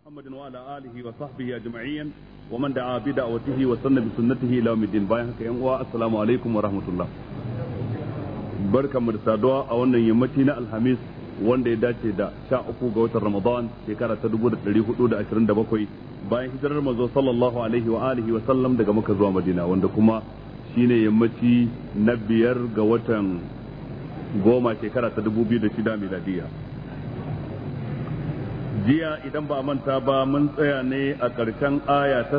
محمد وعلى آله وصحبه أجمعين ومن دعا بدعوته وسن بسنته إلى يوم الدين haka yan uwa assalamu alaikum da saduwa a wannan yammaci na alhamis wanda ya dace da sha uku ga watan ramadan bayan hijirar manzo daga maka wanda kuma shine yammaci na biyar goma jiya idan ba manta ba mun tsaya ne a ƙarshen aya ta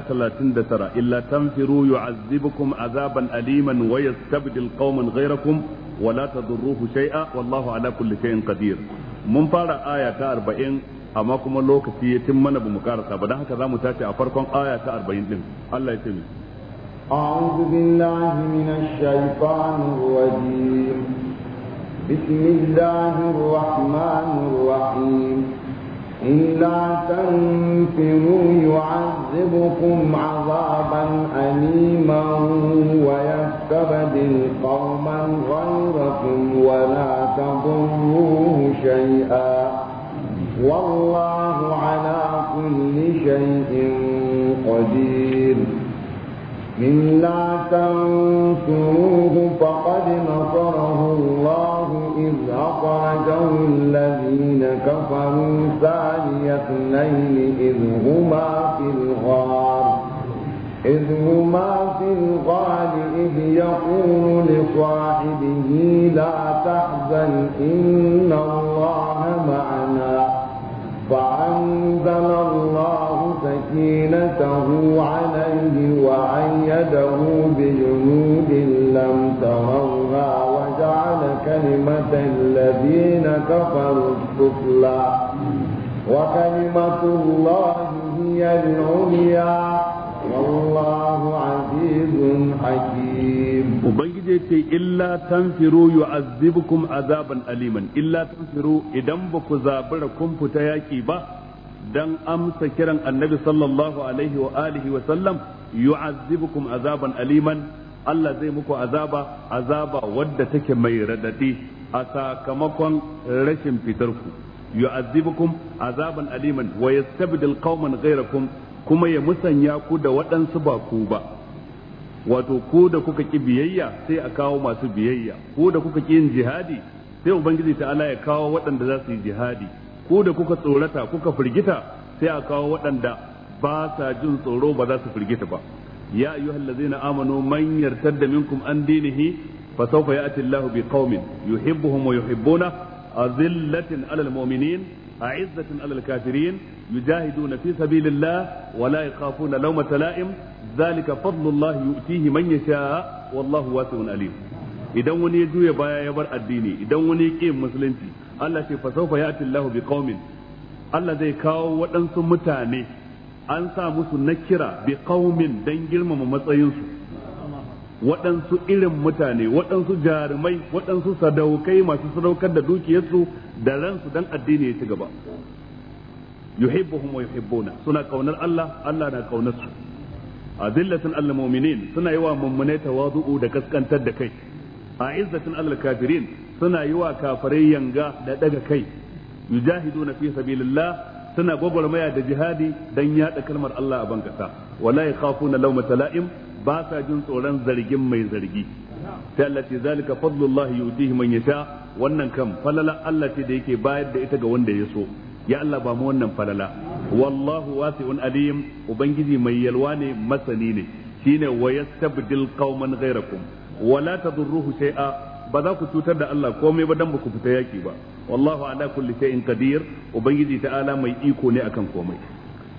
tara illa tanfiru yu'azzibukum azaban aliman wa yastabdil qauman ghayrakum wa la tadurruhu shay'a wallahu ala kulli shay'in qadir mun fara aya ta 40 amma kuma lokaci ya tin mana bamu karasa ba dan haka zamu tace a farkon aya ta 40 din Allah ya tsare أعوذ بالله من الشيطان الرجيم بسم الله الرحمن الرحيم إلا تنفروا يعذبكم عذابا أليما ويستبدل قوما غيركم ولا تضروه شيئا والله على كل شيء قدير إلا تنفروه فقد نصره الله إذ أخرجه الذين كفروا ثاني اثنين إذ هما في الغار إذ هما في الغار إذ يقول لصاحبه لا تحزن إن الله معنا فأنزل الله سكينته عليه وأيده بجنود كلمة الذين كفروا السفلى وكلمة الله هي العليا والله عزيز حكيم وبنجي إلا تنفروا يعذبكم عذابا أليما إلا تنفروا إذا بكو زابركم فتياكي با dan amsa kiran annabi sallallahu alaihi wa alihi wa sallam yu'azzibukum azaban aliman Allah zai muku azaba azaba wadda take mai radadi a sakamakon rashin fitar fitarku yu'azzibukum azaban aliman wa yastabdil qauman ghayrakum kuma ya musanya ku da waɗansu ba ku ba wato ku da kuka ki biyayya sai a kawo masu biyayya ku da kuka ki yin jihadi sai ubangiji ta'ala ya kawo waɗanda za su yi jihadi ku da kuka tsorata kuka firgita sai a kawo waɗanda ba sa jin tsoro ba za su firgita ba ya ayyuhallazina na man yartadda minkum an dinihi فسوف يأتي الله بقوم يحبهم ويحبونه أذلة على المؤمنين أعزة على الكافرين يجاهدون في سبيل الله ولا يخافون لومة لائم ذلك فضل الله يؤتيه من يشاء والله واسع أليم idan wani ya juya baya ya bar addini idan wani ya ƙi musulunci Allah ce fasaufa ya Allah bi qaumin Allah zai kawo waɗansu mutane an sa musu na bi qaumin dan girmama matsayinsu waɗansu irin mutane waɗansu jarumai waɗansu sadaukai masu sadaukar da dukiyarsu da ransu dan addini ya ci gaba yuhibbuhum wa yuhibbuna suna kaunar Allah Allah na kaunar su azillatin al mu'minin suna yi wa mummunai tawazu'u da kaskantar da kai a a'izzatin al kafirin suna yi wa kafirai yanga da daga kai yujahiduna fi sabilillah suna gwagwarmaya da jihadi dan yada kalmar Allah a bankasa wala ya kafu na la'im ba sa jin tsoron zargin mai zargi sai Allah ce zalika fadlullahi yutihi man yasha wannan kam falala Allah ce da yake bayar da ita ga wanda ya so ya Allah ba mu wannan falala wallahu wasi'un alim ubangiji mai yalwa ne masani ne shine wayastabdil kauman qauman ghayrakum wala tadurruhu shay'a ba za ku cutar da Allah komai ba dan ba ku fita yaki ba wallahu ala kulli shay'in qadir ubangiji ta'ala mai iko ne akan komai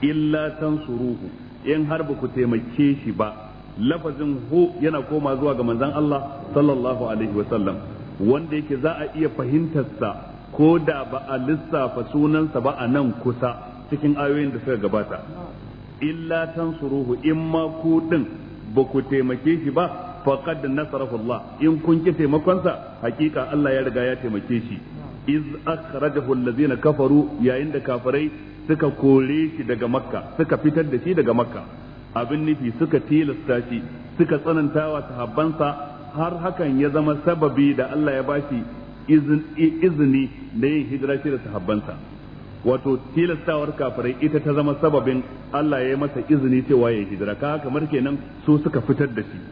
illa tansuruhu in har ba ku taimake shi ba lafazin hu yana koma zuwa ga manzon Allah sallallahu alaihi wa sallam wanda yake za a iya fahimtarsa ko da ba a lissafa sunansa ba a nan kusa cikin ayoyin da suka gabata illa tansuruhu in ma ku din ba ku taimake shi ba faqad nasarahu Allah in kun ki taimakon sa hakika Allah ya riga ya taimake shi iz akhrajahu allazina kafaru yayin da kafarai suka kore shi daga makka suka fitar da shi daga makka abin nufi suka tilasta shi suka wa sahabbansa har hakan ya zama sababi da Allah ya bashi izini da yin hijira shi da sahabbansa wato tilastawar kafarai ita ta zama sababin Allah ya yi masa izini cewa ya hijira ka kamar kenan su suka fitar da shi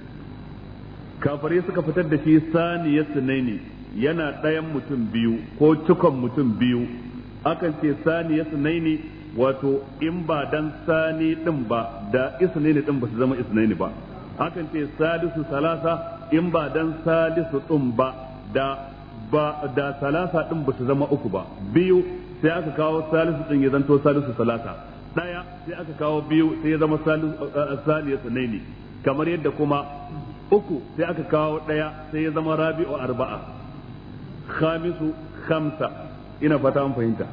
kafare suka fitar da shi saniyar sunaini yana ɗayan mutum biyu ko cikon mutum biyu akan ce saniyar sunaini wato in ba dan sani din ba da isnaini din ba su zama isnaini ba akan ce salisu salasa in ba dan salisu din ba da ba da salasa din ba su zama uku ba biyu sai aka kawo salisu din ya zanto salisu salasa ɗaya sai aka kawo biyu sai ya zama salisu eh, saniyar sunaini kamar yadda kuma uku sai aka kawo ɗaya sai ya zama rabi'u arba'a khamisu khamsa ina fata an fahimta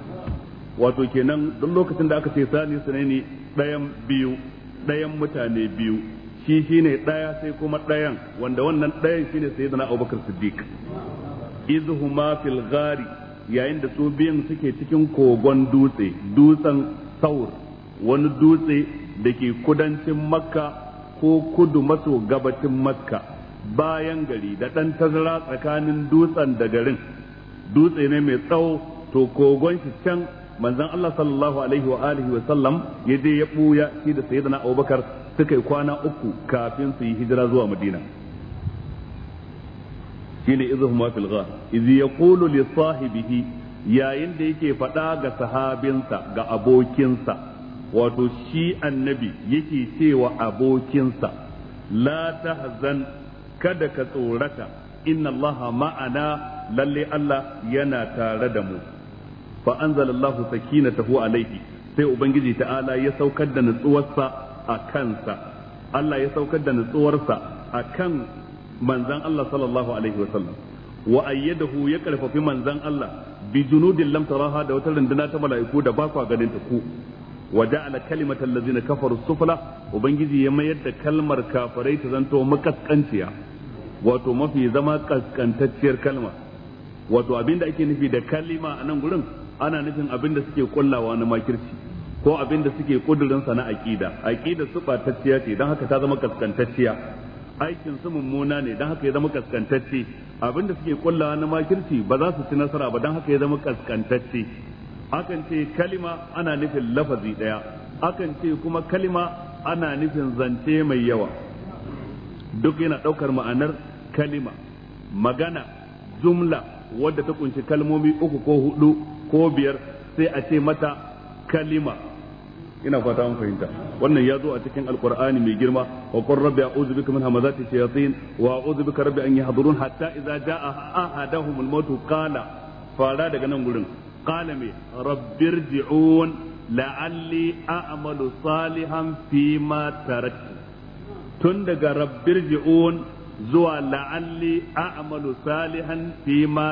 wato kenan duk lokacin da aka ce sani sunaini ɗayan biyu ɗayan mutane biyu shi shine ɗaya sai kuma ɗayan wanda wannan ɗayan shine sayyidina Abubakar Siddiq izhuma fil ghari yayin da su biyan suke cikin kogon dutse dutsen saur wani dutse da ke kudancin makka ko kudu maso gabatin makka bayan gari da ɗan tazara tsakanin dutsen da garin dutse ne mai tsawo to kogon shi can manzon Allah sallallahu alaihi wa alihi wa sallam ya je ya buya shi da sayyidina Abubakar suka yi kwana uku kafin su yi hijira zuwa Madina shine izhuma fil ghar idh yaqulu li sahibihi yayin da yake faɗa ga sahabinsa ga abokinsa wato shi annabi yake cewa abokinsa la ta hazan, kada ka tsorata inna allaha ma'ana lalle Allah yana tare da mu fa anzalallahu sakinatahu alaihi sai ubangiji ta'ala ya saukar da nutsuwarsa a kansa Allah ya saukar da nutsuwarsa a kan manzan Allah sallallahu alaihi wasallam wa ayyadahu ya karfafi manzan Allah bi junudin lam taraha da wata runduna ta mala'iku da ba kwa ganin ta ku Waje ja'ala kalimatal ladzina kafaru sufla ubangiji ya mayar da kalmar kafarai ta zanto makaskanciya wato mafi zama kaskantacciyar kalma wato abinda ake nufi da kalima a nan gurin ana nufin abinda suke kullawa na makirci ko abinda suke kudurin sana na aqida aqida su tacciya ce dan haka ta zama kaskantacciya aikin su mummuna ne dan haka ya zama abin abinda suke kullawa na makirci ba za su ci nasara ba dan haka ya zama kaskantacci. akan ce kalima ana nufin lafazi daya akan ce kuma kalima ana nufin zance mai yawa duk yana ɗaukar ma'anar kalima magana jumla wadda ta kunshi kalmomi uku ko hudu ko biyar sai a ce mata kalima ina fata an fahimta wannan ya zo a cikin alqur'ani mai girma wa qur rabbi a'udhu bika min hamazati shayatin wa a'udhu bika rabbi an yahdurun hatta idza jaa ahaduhum al-maut qala fara daga nan gurin qala me rabbirji'un la'alli a'malu salihan fi ma tun daga rabbirji'un zuwa la'alli a'malu salihan fi ma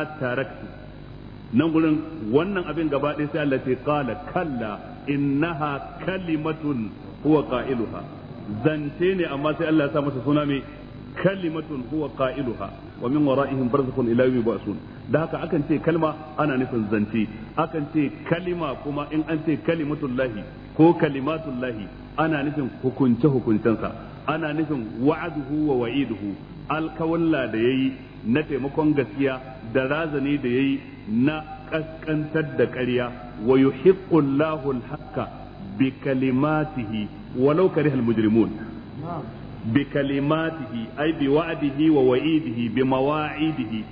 nan gurin wannan abin gaba ɗaya sai Allah ce qala kalla innaha kalimatun huwa qailuha zance ne amma sai Allah ya sa masa suna mai kalimatun huwa qailuha wa min wara'ihim barzakhun ila yawmi ba'sun da haka akan ce kalma ana nufin zance akan ce kalima kuma in an ce kalimatullahi ko kalimatullahi ana nufin hukunce hukuncensa ana nufin wa'aduhu wa wa'iduhu alkawalla da yayi na taimakon gaskiya da razani da yayi na kaskantar da ƙarya wa yuhiqqu Allahu al bi kalimatihi walau karihal mujrimun bi kalimatihi ay bi wa'dihi wa wa'idihi bi mawa'idihi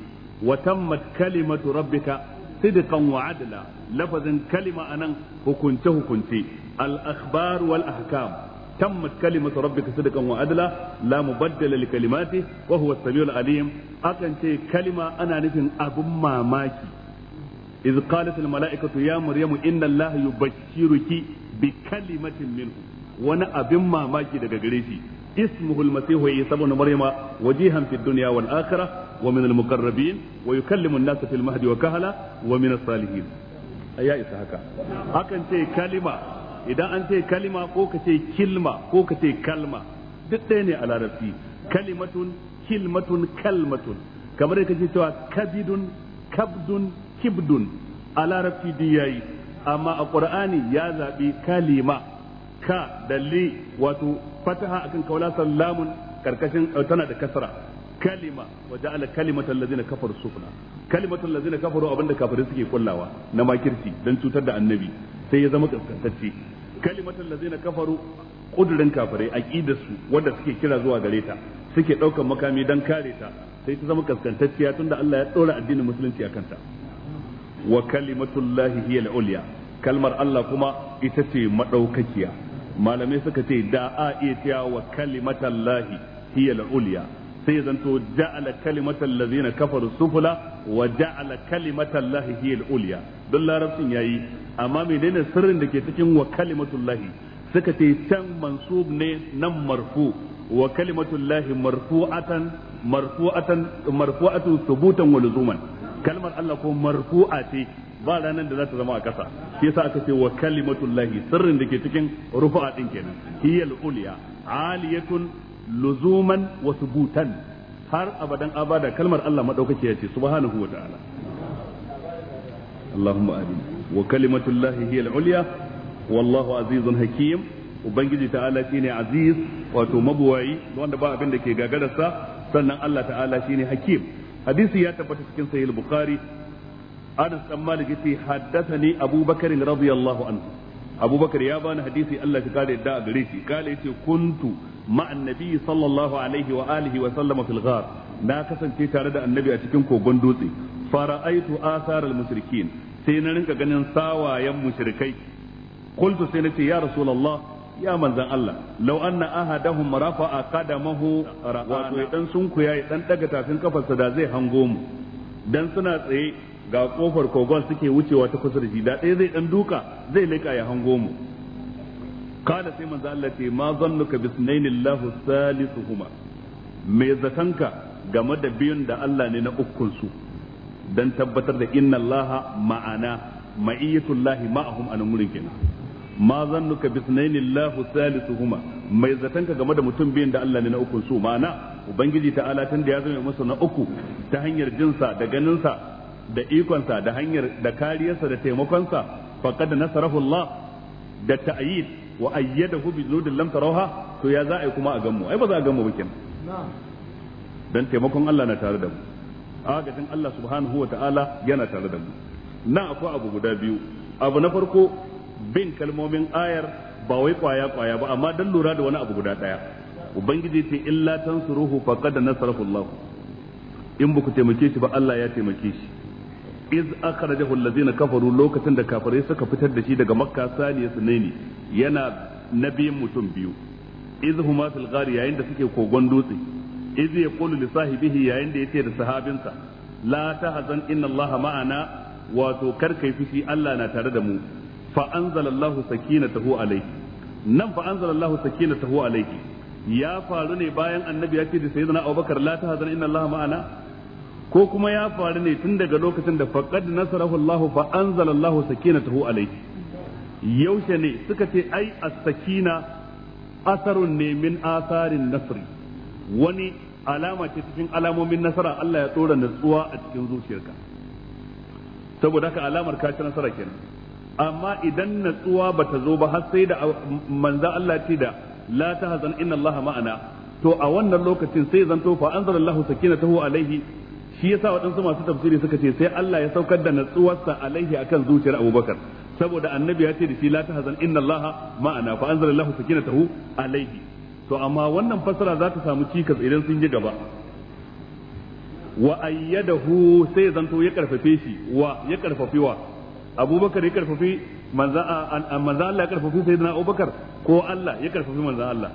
wa tammat kalimatu rabbika sidqan wa adla lafazin kalima anan hukunce hukunce al akhbar wal ahkam تمت كلمة ربك صدقا وعدلا لا مبدل لكلماته وهو السميع العليم أكن شيء كلمة أنا نفن أبو ماماكي إذ قالت الملائكة يا مريم إن الله يبشرك بكلمة منه وأنا أبو ماماكي دقا اسمه المسيح عيسى ابن مريم وجيها في الدنيا والآخرة ومن المقربين ويكلم الناس في المهد وكهلا ومن الصالحين أي إسا هكا هكا أنت كلمة إذا أنت كلمة فوق كلمة فوق كلمة دتيني على ربي كلمة كلمة كلمة كما رأيك كبد كبد كبد على ربي دياي أما القرآن يا ذا بكلمة ka da li wato fataha akan kaula lamun karkashin eh, tana da kasra kalima wa ja'ala kalimatal ladzina kafaru sufla kalimatal ladzina kafaru abinda kafirai suke kullawa na makirci dan cutar da annabi sai ya zama kaskantacce kalimatal ladzina kafaru kudurin kafirai aqidar su wanda suke kira zuwa gare ta suke daukar makami dan kare ta sai ta zama kaskantacciya tunda Allah ya dora addinin musulunci a kanta. wa kalimatullahi hiya al-ulya kalmar Allah kuma ita ce madaukakiya malamai suka ce da a iya cewa wa kalimatallahi hiya al-ulya sai zanto ja'ala kalimatal ladzina kafaru sufula wa ja'ala kalimatallahi hiya ulya don larabcin yayi amma menene sirrin da ke cikin wa kalimatullahi suka ce can mansub ne nan marfu wa kalimatullahi marfu'atan marfu'atan marfu'atu thubutan wa luzuman kalmar Allah ko marfu'a ce ba ranar da zata zama a kasa shi yasa aka ce wa kalimatullahi sirrin da ke cikin rufa'a din kenan hiyal uliya aliyatun luzuman wasu butan har abadan abada kalmar Allah madaukake ya ce subhanahu wa ta'ala Allahumma amin wa kalimatullahi hiyal uliya wallahu azizun hakim ubangiji ta'ala shine aziz wato mabuwayi wanda ba abin da ke sa sannan Allah ta'ala shine hakim hadisi ya tabbata cikin sahih bukhari Anas dan Malik yace haddathani Abu ya bani hadisi Allah ya kare yadda a gare shi kale yace kuntu ma'an nabi na kasance tare da annabi a cikin kogon dutse fara'aitu asar al mushrikin sai na rinka ganin sawayen mushrikai qultu sai na ce ya rasulullah ya manzan Allah law anna ahadahum rafa'a qadamahu wato idan sun kuya dan daga tafin kafarsa da zai hango mu dan suna tsaye ga kofar kogon suke wucewa ta kusur da shi da ɗaya zai ɗan duka zai leƙa ya hango mu kada sai manzo Allah ce ma zannuka bisnayn Allah salisuhuma me zatanka game da biyun da Allah ne na ukkun su dan tabbatar da inna Allah ma'ana ma'iyatullahi ma'ahum an murin kenan ma zannuka bisnayn Allah salisuhuma mai zatanka game da mutum biyun da Allah ne na ukkun su ma'ana ubangiji ta'ala tun da ya zama masa na uku ta hanyar jinsa da ganinsa da ikonsa da hanyar da kariyarsa da taimakonsa faqad nasarahu Allah da ta'yid wa ayyadahu bi junudin lam tarawha to ya za a kuma a ganmu ai ba za a ganmu ba kenan dan taimakon Allah na tare da mu agajin Allah subhanahu wa ta'ala yana tare da mu na akwai abu guda biyu abu na farko bin kalmomin ayar ba wai kwaya kwaya ba amma dan lura da wani abu guda daya ubangiji ce illa tansuruhu faqad nasarahu Allah in ba taimake shi ba Allah ya taimake shi iz akhrajahu allazina kafaru lokacin da kafirai suka fitar da shi daga makka saniya sunaini yana nabiyin mutum biyu iz huma fil ghar yayin da suke kogon dutse iz yaqulu li sahibihi yayin da yace da sahabinsa la tahzan inna allaha ma'ana wato kar kai fishi Allah na tare da mu fa anzalallahu sakinatahu alayhi nan fa anzalallahu sakinatahu alayhi ya faru ne bayan annabi ya ce da sayyidina Abubakar la tahzan inna allaha ma'ana ko kuma ya faru ne tun daga lokacin da faqad nasarahu Allahu fa anzala Allah sakinatahu alayhi yaushe ne suka ce ai as-sakina asarun ne min asarin nasri wani alama ce cikin alamomin nasara Allah ya tsora natsuwa a cikin zuciyarka saboda haka alamar ka ci nasara kenan amma idan natsuwa bata zo ba har sai da manzo Allah ce da la tahzan inna Allah ma'ana to a wannan lokacin sai zanto fa anzalallahu sakinatahu alaihi shi yasa waɗansu masu tafsiri suka ce sai Allah ya saukar da natsuwarsa alaihi akan zuciyar Abubakar saboda annabi ya ce da shi la tahzan inna Allaha ma'ana fa anzalallahu sakinatahu alaihi to amma wannan fasara za ta samu cikas idan sun ji gaba wa ayyadahu sai zanto ya karfafe shi wa ya karfafi wa Abubakar ya karfafi manzo Allah ya karfafi sayyidina Abubakar ko Allah ya karfafi manzo Allah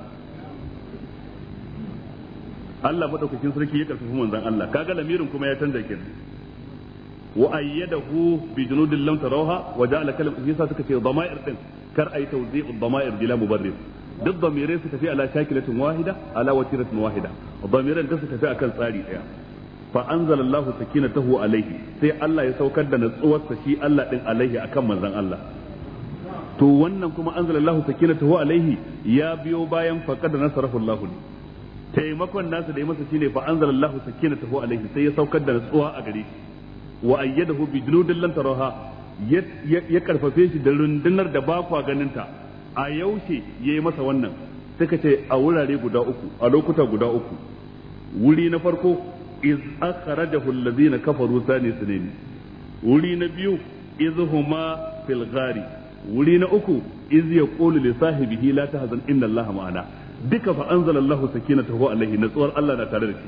Allah madaukakin sarki ya karfafi manzon Allah kaga lamirin kuma ya canza kin wa ayyadahu bi junudin lam tarawha wa ja'ala kalam yasa suka ce dama'ir din kar ay tawzi'u dama'ir bila mubarrir duk damirai su tafi ala shakilatin wahida ala watiratin wahida damiran da su tafi akan tsari daya fa anzala Allah sakinatahu alaihi sai Allah ya saukar da natsuwarsa shi Allah din alaihi akan manzon Allah to wannan kuma anzala Allah sakinatahu alaihi ya biyo bayan faqad nasarahu Allah taimakon nasa da ya masa shine fa Allah sakinatahu alaihi sai ya saukar da nutsuwa a gare shi wa ayyadahu bi junudin lan taraha ya karfafe shi da rundunar da ba kwa ganinta a yaushe yayi masa wannan suka ce a wurare guda uku a lokuta guda uku wuri na farko iz akhrajahu alladhina kafaru thani sunayn wuri na biyu iz huma fil ghari wuri na uku iz yaqulu li sahibihi la tahzan inna allaha ma'ana duka fa anzalallahu sakinatahu alaihi natsuwar Allah na tare da shi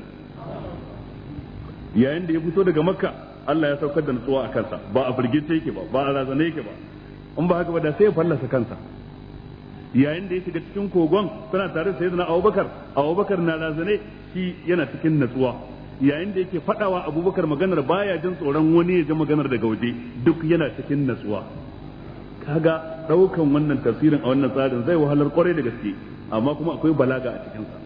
yayin da ya fito daga makka Allah ya saukar da natsuwa a kansa ba a firgice yake ba ba a razana yake ba in ba haka ba da sai ya fallasa kansa yayin da ya shiga cikin kogon suna tare da sayyidina Abubakar Abubakar na razane shi yana cikin natsuwa yayin da yake fadawa Abubakar maganar baya jin tsoron wani ya ji maganar daga waje duk yana cikin natsuwa kaga daukan wannan tafsirin a wannan tsarin zai wahalar kwarai da gaske amma kuma akwai balaga a cikinsa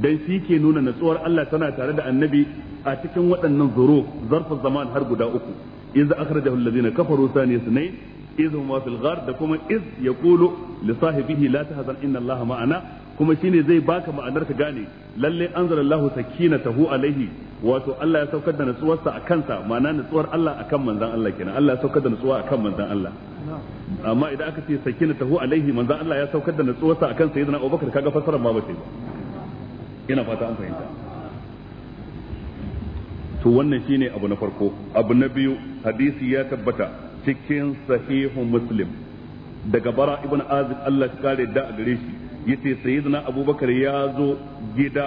dan shi ke nuna natsuwar Allah tana tare da annabi a cikin waɗannan zuru zarfin zaman har guda uku idza akhrajahu alladhina kafaru thani sunayn idh huma fil ghar da kuma iz yaqulu li sahibihi la tahzan inna allaha ma'ana kuma shine zai baka ma'anar ka gane lalle anzalallahu sakinatahu alaihi wato Allah ya saukar da natsuwarsa a kansa, ma'ana natsuwar Allah akan manzon Allah kenan Allah ya saukar da natsuwa akan manzon Allah amma idan aka ce sakina tahu alaihi manzo Allah ya saukar da natsuwarsa akan sayyidina Abubakar kaga fasaran ma ba sai ba ina fata an fahimta to wannan shine abu na farko abu na biyu hadisi ya tabbata cikin sahihu muslim daga bara ibn azib Allah ya kare da a gare shi yace sayyidina Abubakar ya zo gida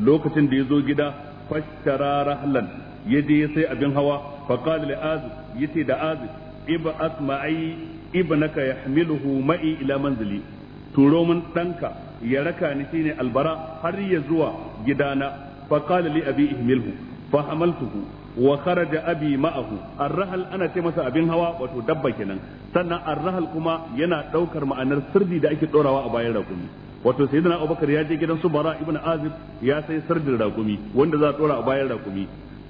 lokacin da ya zo gida fashtara rahlan ya sai abin hawa faqala li azib yace da azib ib'at ma'i ibnaka yahmiluhu ma'i ila manzili turo danka ya raka ni shine albara har ya zuwa gidana fa qala li abi ihmilhu fa hamaltuhu wa kharaja abi ma'ahu arrahal ana ce masa abin hawa wato dabba kenan sannan arrahal kuma yana daukar ma'anar sirdi da ake dorawa a bayan rakumi wato sayyidina abubakar ya je gidan su bara ibnu azib ya sai sirdin rakumi wanda za a dora a bayan rakumi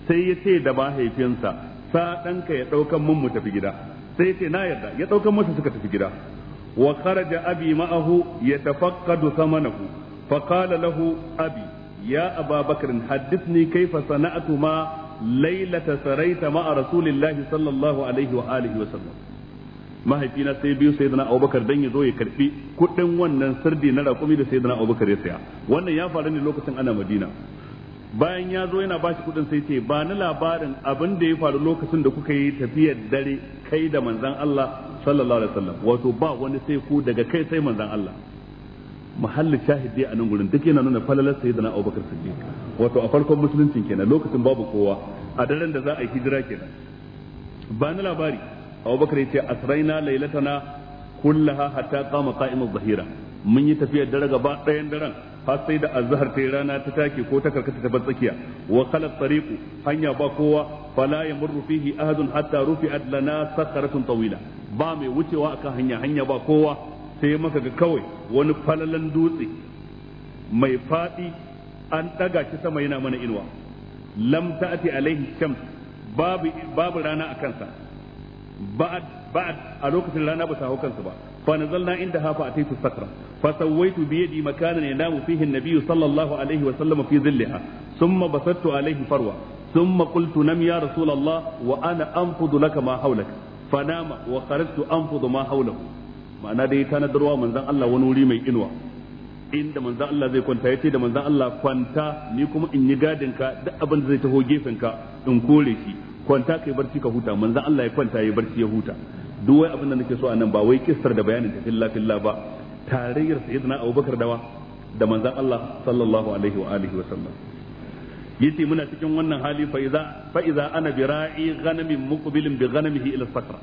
sai ya ce da mahaifinsa sa ɗanka ya ɗaukan mun mu tafi gida sai ce na yarda ya ɗaukan masa suka tafi gida wa kharaja abi ma'ahu yatafaqqadu thamanahu fa qala lahu abi ya aba bakr kayfa sana'tu ma lailata saraita ma'a rasulillahi sallallahu alaihi wa alihi wa sallam mahaifina sai biyu sai abubakar dan ya zo ya karfi kudin wannan sirdi na rakumi da sai abubakar ya saya wannan ya faru ne lokacin ana madina bayan ya zo yana bashi kudin sai ce ba ni labarin abin da ya faru lokacin da kuka yi tafiyar dare kai da manzan Allah sallallahu alaihi wasallam wato ba wani sai ku daga kai sai manzan Allah mahallin shahidi a nan gurin duk yana nuna falalar sayyidina Abubakar Siddiq wato a farkon musuluncin kenan lokacin babu kowa a daren da za a yi hijira kenan ba ni labari Abubakar ya ce asraina laylatana kullaha hatta qama qa'imu dhahira mun yi tafiyar dare gaba ɗayan daren har sai da azhar tayi rana ta take ko ta karkata ta tsakiya wa khalat tariqu hanya ba kowa fala yamurru fihi ahadun hatta rufi'at lana sakharatun tawila ba mai wucewa akan hanya hanya ba kowa sai maka ga kawai wani falalan dutse mai fadi an daga shi sama yana mana inuwa lam ta'ti alaihi shams babu babu rana akan sa ba ba'ad a lokacin rana ba ta hau kansa ba fa nazalna inda hafa ataitu sakra fa sawaitu bi yadi makanan yanamu fihi an-nabiy sallallahu alaihi wa sallam fi dhillaha thumma basattu alaihi farwa thumma qultu nam ya rasul allah wa ana laka ma hawlak fa nama wa kharajtu anfudu ma hawlahu ma'ana dai tanadarwa manzon Allah wani wuri mai inuwa inda manzan Allah zai kwanta ya ce da manzan Allah kwanta ni kuma in yi gadin ka da abin da zai taho gefen ka in kore shi kwanta kai barci ka huta manzan Allah ya kwanta ya barci ya huta duk wai abin da nake so a nan ba wai kissar da bayanin ta filla filla ba tarayyar sayyidina abubakar dawa da manzon Allah sallallahu alaihi wa alihi wa sallam yace muna cikin wannan hali fa iza fa iza ana bi ra'i ghanamin muqbilin bi ghanamihi ila sakra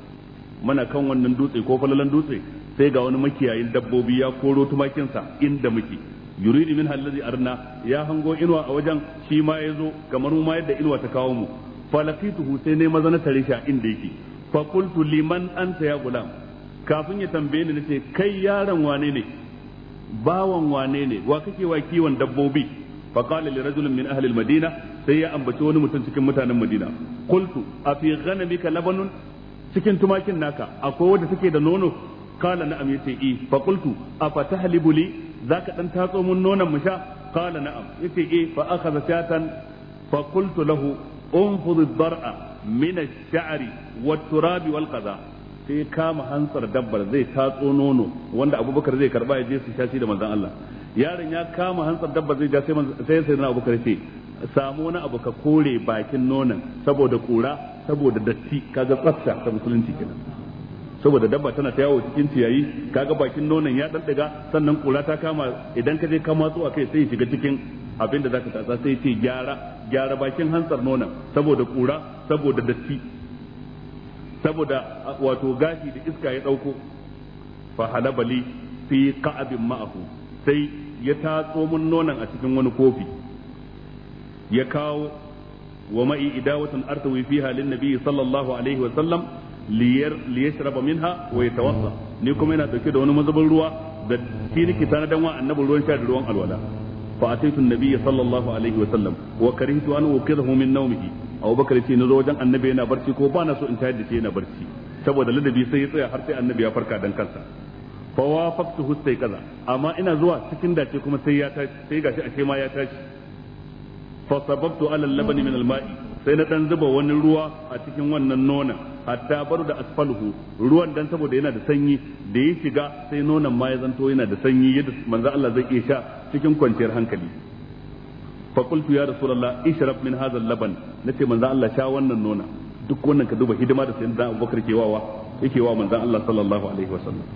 muna kan wannan dutse ko falalan dutse sai ga wani makiyayin dabbobi ya koro tumakinsa inda muke yuridu min allazi arna ya hango inuwa a wajen shi ma yazo kamar mu ma yadda inuwa ta kawo mu falaqituhu sai ne maza na tare shi inda yake fa liman anta ya gulam kafin ya tambaye ni nace kai yaron wane ne bawan wane ne wa kake wa kiwon dabbobi fa qala li rajulin min ahli al sai ya ambaci wani mutum cikin mutanen madina qultu afi ghanamika labanun cikin tumakin naka akwai wanda take da nono kala na'am yace i e, fa qultu afatahlibu li zaka dan tatso mun nonon mu sha kala na'am yace e fa akhadha shatan fa lahu unfudh ad-dar'a min ash-sha'ri wat-turabi wal sai kama hantsar dabbar zai tatso nono wanda abubakar zai karba ya je su shashi da manzon Allah yaron ya kama hantsar dabbar zai ja sai sai sai na abubakar sai samu wani abu ka kore bakin nonon saboda kura saboda datti kaga tsafta ta musulunci kenan saboda dabba tana ta yawo cikin ciyayi kaga bakin nonon ya daddaga sannan kura ta kama idan ka je ka matso kai sai ya shiga cikin abinda zaka tatsa sai ce gyara gyara bakin hantsar nonon saboda kura saboda datti saboda wato gashi da iska ya dauko fa halabali fi qa'abin ma'ahu sai ya tatso mun nonon a cikin wani kofi ya kawo wa ma'i idawatan artawi fiha lin nabi sallallahu alaihi wa sallam liyar liyashraba minha wa yatawassa ni kuma yana dauke da wani mazubin ruwa da shi nake dan wa annabi ruwan sha da ruwan alwala fa ataitu an-nabiy sallallahu alaihi wa sallam wa karihtu an uqidahu wajen annabi yana barci ko ba so in tayar da shi barci saboda ladabi sai ya tsaya har sai annabi ya dan kansa fa kaza amma ina zuwa cikin dace kuma ya min sai na dan zuba wani ruwa a cikin wannan nonon hatta baru da asfalhu ruwan dan saboda yana da sanyi da ya shiga sai nonon ma ya zanto yana da sanyi yadda manzo Allah zai iya sha cikin kwanciyar hankali fa qultu ya rasulullah ishrab min hadha laban nace manzo Allah sha wannan nonon duk wannan ka duba hidima da sayyidina Abubakar ke wawa yake wa manzo Allah sallallahu alaihi wasallam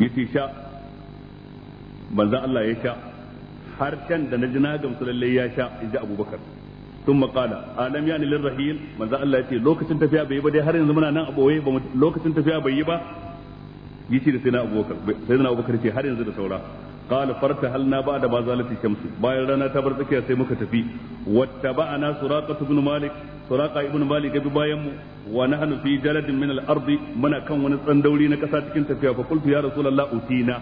yace sha manzo Allah ya sha Harshen can da naji na gamsu lallai ya sha in ji abubakar sun maƙala alam ya nilin rahil manzo Allah ya ce lokacin tafiya bai yi ba dai har yanzu muna nan a ɓoye lokacin tafiya bai yi ba yi sai na abubakar sai na abubakar ce har yanzu da saura qala farta hal na ba'da ma zalati shamsu bayan rana ta bar tsakiya sai muka tafi watta ba'ana suraqatu ibn malik suraqa ibn malik bi bayan mu wa nahnu fi jaladin min al-ardi muna kan wani tsandauri na kasa cikin tafiya fa qultu ya rasulullahi utina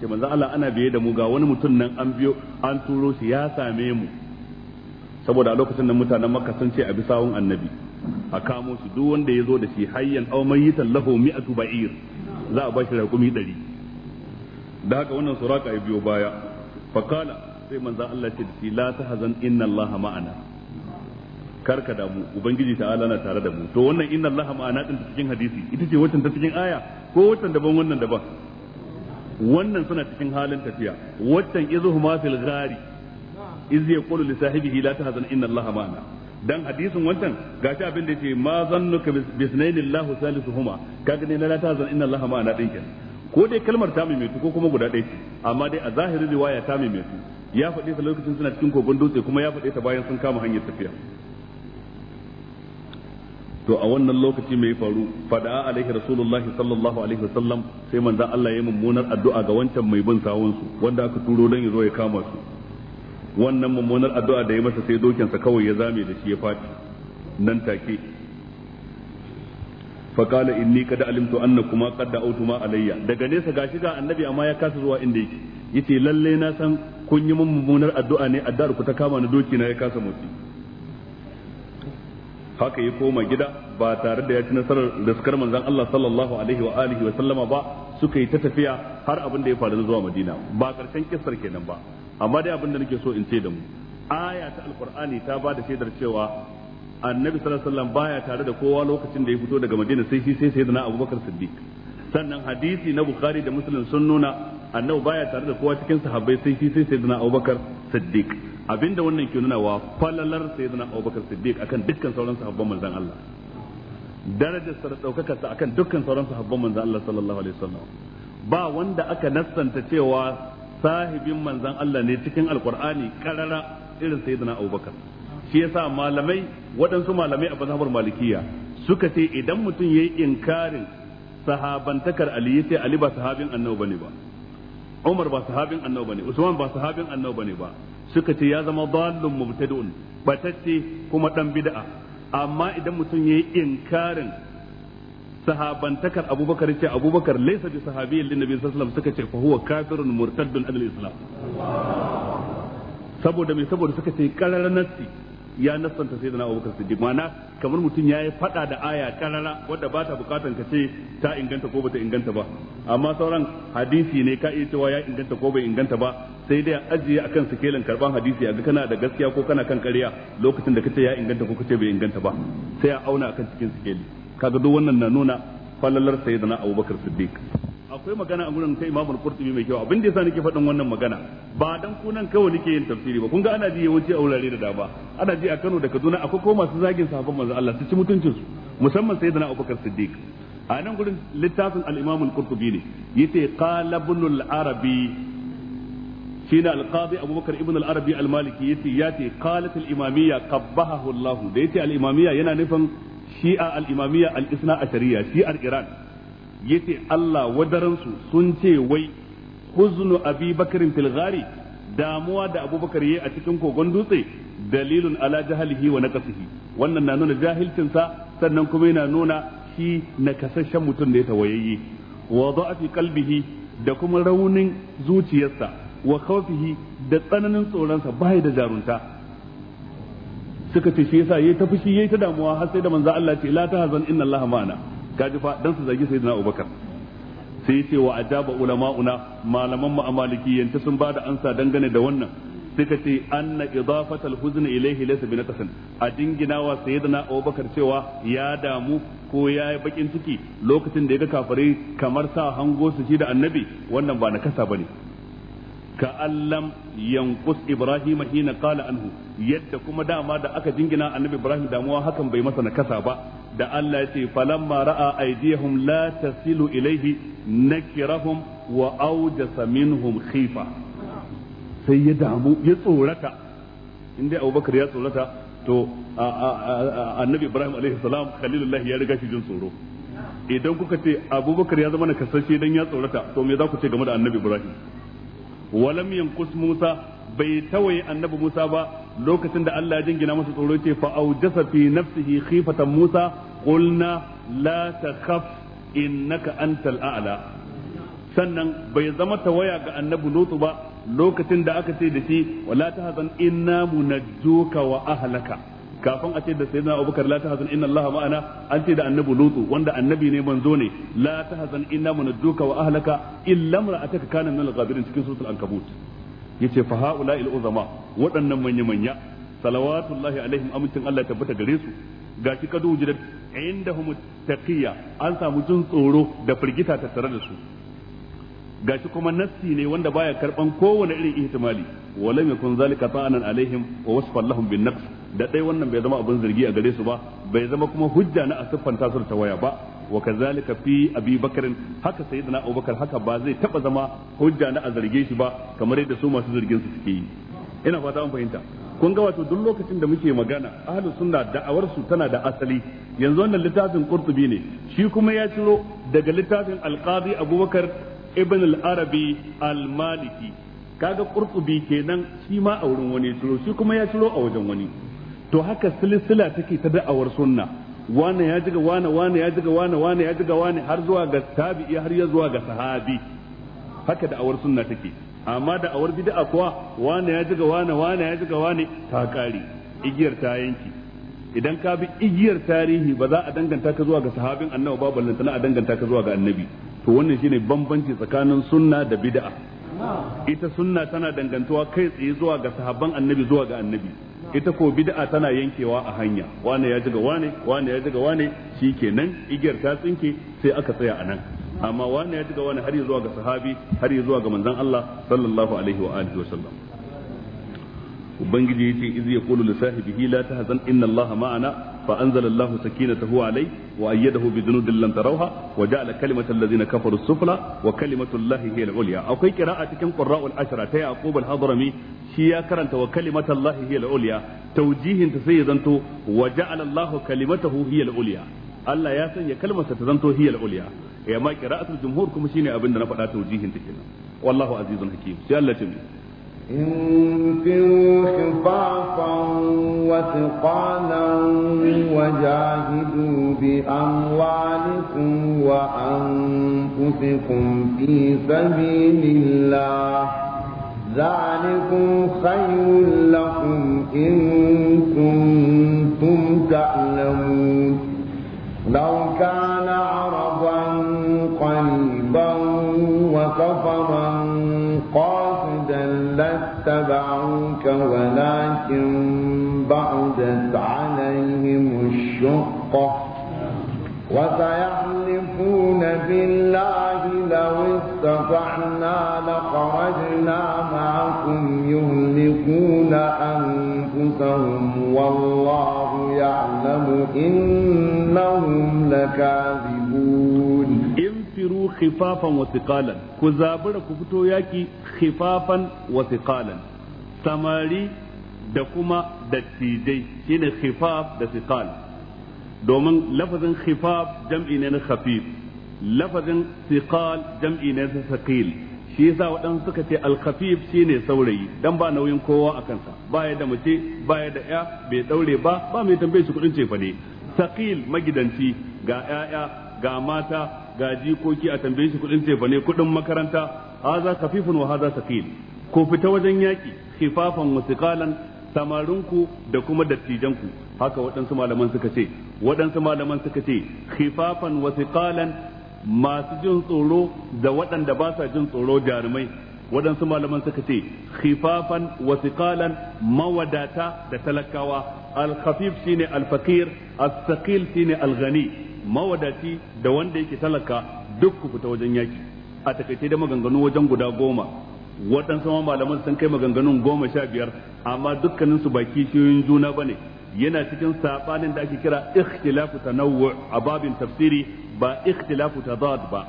ce manzo Allah ana biye da mu ga wani mutum nan an biyo an turo shi ya same mu saboda a lokacin nan mutanen makka sun ce a bi sawun annabi a kamo shi duk wanda ya zo da shi hayyan aw mayyitan lahu mi'atu ba'ir za a bashi rakumi 100 da haka wannan suraka ya biyo baya fakala sai manzo Allah ce da shi la tahzan inna Allah ma'ana karka da mu ubangiji ta'ala na tare da mu to wannan inna Allah ma'ana din cikin hadisi ita ce wacce ta cikin aya ko wacce daban wannan daban wannan suna cikin halin tafiya watan ma fil ghari iz yaqulu li sahibihi la tahzan inna allaha ma'ana dan hadisin wancan gashi abin da yake ma zannuka bisnainillahu salisuhuma kaga ne la tahzan inna allaha ma'ana din kin ko dai kalmar ta mai ko kuma guda ɗaya ce amma dai a zahirin riwaya ta mai ya faɗi ta lokacin suna cikin kogon dutse kuma ya faɗe ta bayan sun kama hanyar tafiya to a wannan lokaci mai faru fada alaihi rasulullahi sallallahu alaihi wasallam sai manzo Allah ya mummunar addu'a ga wancan mai bin sawun su wanda aka turo dan ya zo ya kama su wannan mummunar addu'a da ya masa sai dokin sa kawai ya zame da shi ya faɗi nan take fa qala inni qad alimtu annakuma qad da'awtuma alayya daga nesa gashi ga annabi amma ya kasa zuwa inda yake yace lalle na san kun yi mummunar addu'a ne addu'ar ku ta kama na doki na ya kasa motsi haka ya koma gida ba tare da ya ci nasarar sukar manzan Allah sallallahu alaihi wa alihi wa sallama ba suka yi ta tafiya har abin da ya faru zuwa Madina ba karshen kissar kenan ba amma dai abin da nake so in ce da mu aya ta alqur'ani ta ba da shaidar cewa annabi sallallahu alaihi baya tare da kowa lokacin da ya fito daga Madina sai shi sai sayyidina Abubakar Siddiq sannan hadisi na Bukhari da Muslim sun nuna annabi baya tare da kowa cikin sahabbai sai shi sai sayyidina Abubakar siddiq abinda wannan ke nuna wa falalar sayyidina abubakar siddiq akan dukkan sauran sahabban manzon Allah darajar sa da daukakar sa akan dukkan sauran sahabban manzon Allah sallallahu alaihi wasallam ba wanda aka nassanta cewa sahibin manzon Allah ne cikin alqur'ani karara irin sayyidina abubakar shi yasa malamai waɗansu malamai a mazhabar malikiya suka ce idan mutum yayi inkarin sahabantakar ali yace ali ba sahabin annabi bane ba Umar ba sahabin annabi bane Usman ba sahabin annabi bane ba suka ce ya zama dallun mubtadi'un batacce kuma dan bid'a amma idan mutum yayi inkarin sahabantakar Abubakar ce Abubakar laysa bi sahabiyyin lin nabi sallallahu alaihi wasallam suka ce fa huwa kafirun murtaddun al islam saboda me saboda suka ce qararar nasti ya nasanta sai na abubakar siddiq ma'ana kamar mutum ya yi fada da aya karara wadda ba ta bukatan ka ce ta inganta ko bata inganta ba amma sauran hadisi ne ka iya cewa ya inganta ko bai inganta ba sai dai a ajiye akan sikelin karban hadisi a ga kana da gaskiya ko kana kan ƙarya lokacin da ka ce ya inganta ko ka ce bai inganta ba sai a auna akan cikin sikeli kaga duk wannan na nuna falalar sayyidina abubakar siddiq akwai magana a gurin ta Imam qurtubi mai kyau abin da yasa nake faɗin wannan magana ba dan kunan kawai nake yin tafsiri ba kun ga ana ji yawanci a wurare da dama ana ji a Kano da Kaduna akwai ko masu zagin sahabban manzon Allah su ci mutuncin su musamman sayyidina Abubakar Siddiq a nan gurin littafin al-Imam qurtubi ne yace qala al-Arabi shine al-Qadi Abubakar ibn arabi al-Maliki yace yace qalat al-Imamiyya qabbahahu Allah da ya ce al'imamiya yana nufan shi'a al-Imamiyya al-Isna Ashariya shi'ar Iran yace Allah wadaransu sun ce wai huznu abi bakrin Filgari damuwa da abubakar yayi a cikin kogon dutse dalilun ala jahalihi wa naqsihi wannan na nuna jahilcinsa sannan kuma yana nuna shi nakasashen mutum da ya tawayayye wa fi qalbihi da kuma raunin zuciyarsa wa khawfihi da tsananin tsoronsa bai da jarunta suka ce shi yasa yayi ta fushi yayi ta damuwa har sai da manzo Allah ce la tahzan inna Allah ma'ana kaji fa dan su zagi sayyidina Abubakar sai yace wa ajaba ulama'una malaman mu amalikiyyan ta sun bada ansa dangane da wannan suka ce anna idafata alhuzn ilayhi laysa bi naqsan a dingina wa sayyidina Abubakar cewa ya damu ko ya yi bakin ciki lokacin da ya ga kafirai kamar sa hango su shi da annabi wannan ba nakasa bane ka allam yanqus ibrahim hina qala anhu yadda kuma dama da aka jingina annabi ibrahim damuwa hakan bai masa nakasa ba da Allah ya ce falamma ra'a aidihum la tasilu ilayhi nakirahum wa awjasa minhum khifa sai ya damu ya tsorata inda Abubakar ya tsorata to annabi Ibrahim alaihi salam khalilullah ya riga shi jin tsoro idan kuka ce Abubakar ya zama na kasance dan ya tsorata to me za ku ce game da annabi Ibrahim walam yanqus Musa bai tawaye annabi Musa ba lokacin da Allah ya jingina masa tsoro ce fa aujasa fi nafsihi khifatan Musa qulna la takhaf innaka antal a'la sannan bai zama tawaya ga annabi Lutu ba lokacin da aka ce da shi wala tahzan inna munajjuka wa ahlaka kafin a ce da sayyidina Abubakar la tahzan inna Allah ma'ana an ce da annabi Lutu wanda annabi ne manzo ne la tahzan inna munajjuka wa ahlaka illa imra'ataka kana min al-ghabirin cikin suratul ankabut yace fa haula il uzama waɗannan manya manya salawatullahi alaihim amincin Allah tabbata gare su gashi kadu inda indahum taqiya an samu jin tsoro da firgita tattare da su gashi kuma nassi ne wanda baya karban kowane irin ihtimali walam yakun zalika ta'anan alaihim wa wasfan lahum bin naqs da dai wannan bai zama abin zargi a gare su ba bai zama kuma hujja na asfanta su ta waya ba wa kazalika fi abi bakrin haka sayyidina abubakar haka ba zai taba zama hujja na a zarge shi ba kamar yadda su masu zargin su suke yi ina fata an fahimta kun ga wato duk lokacin da muke magana ahlus sunna da'awar su tana da asali yanzu wannan littafin qurtubi ne shi kuma ya ciro daga littafin alqadi abubakar ibn al-arabi al-maliki kaga qurtubi kenan shi ma a wurin wani ciro shi kuma ya ciro a wajen wani to haka silsila take ta da'awar sunna wane ya jiga wane wane ya jiga wane wane ya jiga wane har zuwa ga tabi'i har ya zuwa ga sahabi haka da awar sunna take amma da awar bid'a kuwa wane ya jiga wane wane ya jiga wane ta kare igiyar ta yanki idan ka bi igiyar tarihi ba za a danganta ka zuwa ga sahabin annabi ba tana a danganta ka zuwa ga annabi to wannan shine bambanci tsakanin sunna da bid'a ita sunna tana dangantuwa kai tsaye zuwa ga sahabban annabi zuwa ga annabi ita ko bid'a tana yankewa a hanya wane ya ji wane wane ya ji ga wane shikenan igiyar ta tsinke sai aka tsaya a nan amma wane ya ji wane har ya zuwa ga sahabi har ya zuwa ga manzon Allah sallallahu alaihi wa alihi wa sallam ubangiji yace iz yaqulu li sahibihi la tahzan inna allaha ma'ana فأنزل الله سكينته عليه وأيده بجنود لم تروها وجعل كلمة الذين كفروا السفلى وكلمة الله هي العليا أو كي قراءة كم قراء العشرة يعقوب الحضرمي شيا كرنت وكلمة الله هي العليا توجيه تسيد أنت وجعل الله كلمته هي العليا ألا ياسن كلمة تزنتو هي العليا يا ما قراءة الجمهور كم شيني أبن نفعل توجيه تكلم والله عزيز حكيم سيالة جميل انفروا خفافا وثقالا وجاهدوا بأموالكم وأنفسكم في سبيل الله ذلكم خير لكم إن كنتم تعلمون لو كان عرضا قريبا وسفرا اتبعوك ولكن بعدت عليهم الشقة وسيحلفون بالله لو استطعنا لخرجنا معكم يهلكون أنفسهم والله يعلم إنهم لكاذبون anfiru khifafan wa thiqalan ku zabura ku fito yaki khifafan wa thiqalan samari da kuma dattijai shine khifaf da thiqal domin lafazin khifaf jam'i ne na khafif lafazin thiqal jam'i ne na thaqil shi yasa waɗansu suka ce al-khafif shine saurayi dan ba nauyin kowa a kansa baya da mace ya da ya bai daure ba ba mai tambaye shi kudin ce fa ne thaqil magidanci ga 'ya'ya ga mata ga jikoki a tambaye shi kudin tefa ne kudin makaranta haza kafifun wa haza sakil ku fita wajen yaki khifafan wa thiqalan samarinku da kuma dattijanku haka waɗansu malaman suka ce waɗansu malaman suka ce khifafan wa thiqalan masu jin tsoro da waɗanda ba sa jin tsoro jarumai waɗansu malaman suka ce khifafan wa thiqalan mawadata da talakawa al khafif shine al faqir as saqil shine al ghani mawadaci da wanda yake talaka duk ku fita wajen yaki a takaice da maganganu wajen guda goma waɗansu ma malaman sun kai maganganun goma sha biyar amma dukkanin su baki shiyoyin juna ne yana cikin saɓanin da ake kira ikhtilafu tanawwu a babin tafsiri ba ikhtilafu tadad ba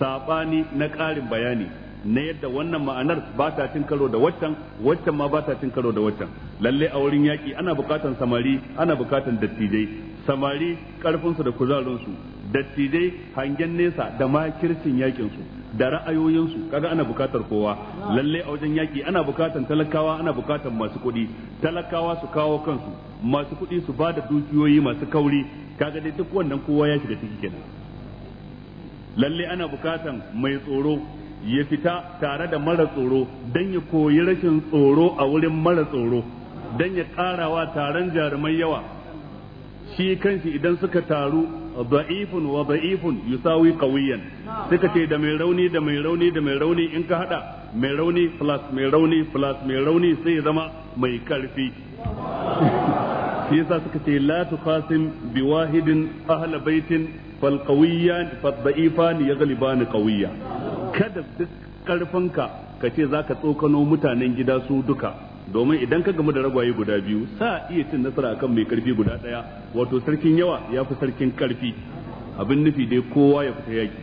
saɓani na ƙarin bayani na yadda wannan ma'anar ba ta cin karo da waccan waccan ma ba ta cin karo da waccan lalle a wurin yaƙi ana buƙatan samari ana buƙatan dattijai samari karfinsu da kuzarinsu dattijai hangen nesa da makircin yakinsu da ra'ayoyinsu kaga ana bukatar kowa lalle a wajen yaki ana bukatar talakawa ana bukatar masu kuɗi talakawa su kawo kansu masu kuɗi su ba da dukiyoyi masu kauri kaga dai duk wannan kowa ya shiga ciki kenan lalle ana bukatan mai tsoro ya fita tare da mara tsoro dan ya koyi rashin tsoro a wurin mara tsoro dan ya karawa taron jarumai yawa shi kanshi idan suka taru da'ifun wa da'ifun yusawi qawiyan suka ce da mai rauni da mai rauni da mai rauni in ka hada mai rauni plus mai rauni plus mai rauni sai ya zama mai karfi shi yasa suka ce la tuqasim bi wahidin ahla baitin fal qawiyan fad da'ifan yaghliban qawiyya kada duk karfinka kace zaka tsokano mutanen gida su duka domin idan ka gamu da ragwaye guda biyu sa iya cin nasara akan mai karfi guda ɗaya wato sarkin yawa ya fi sarkin karfi abin nufi dai kowa ya fita yaki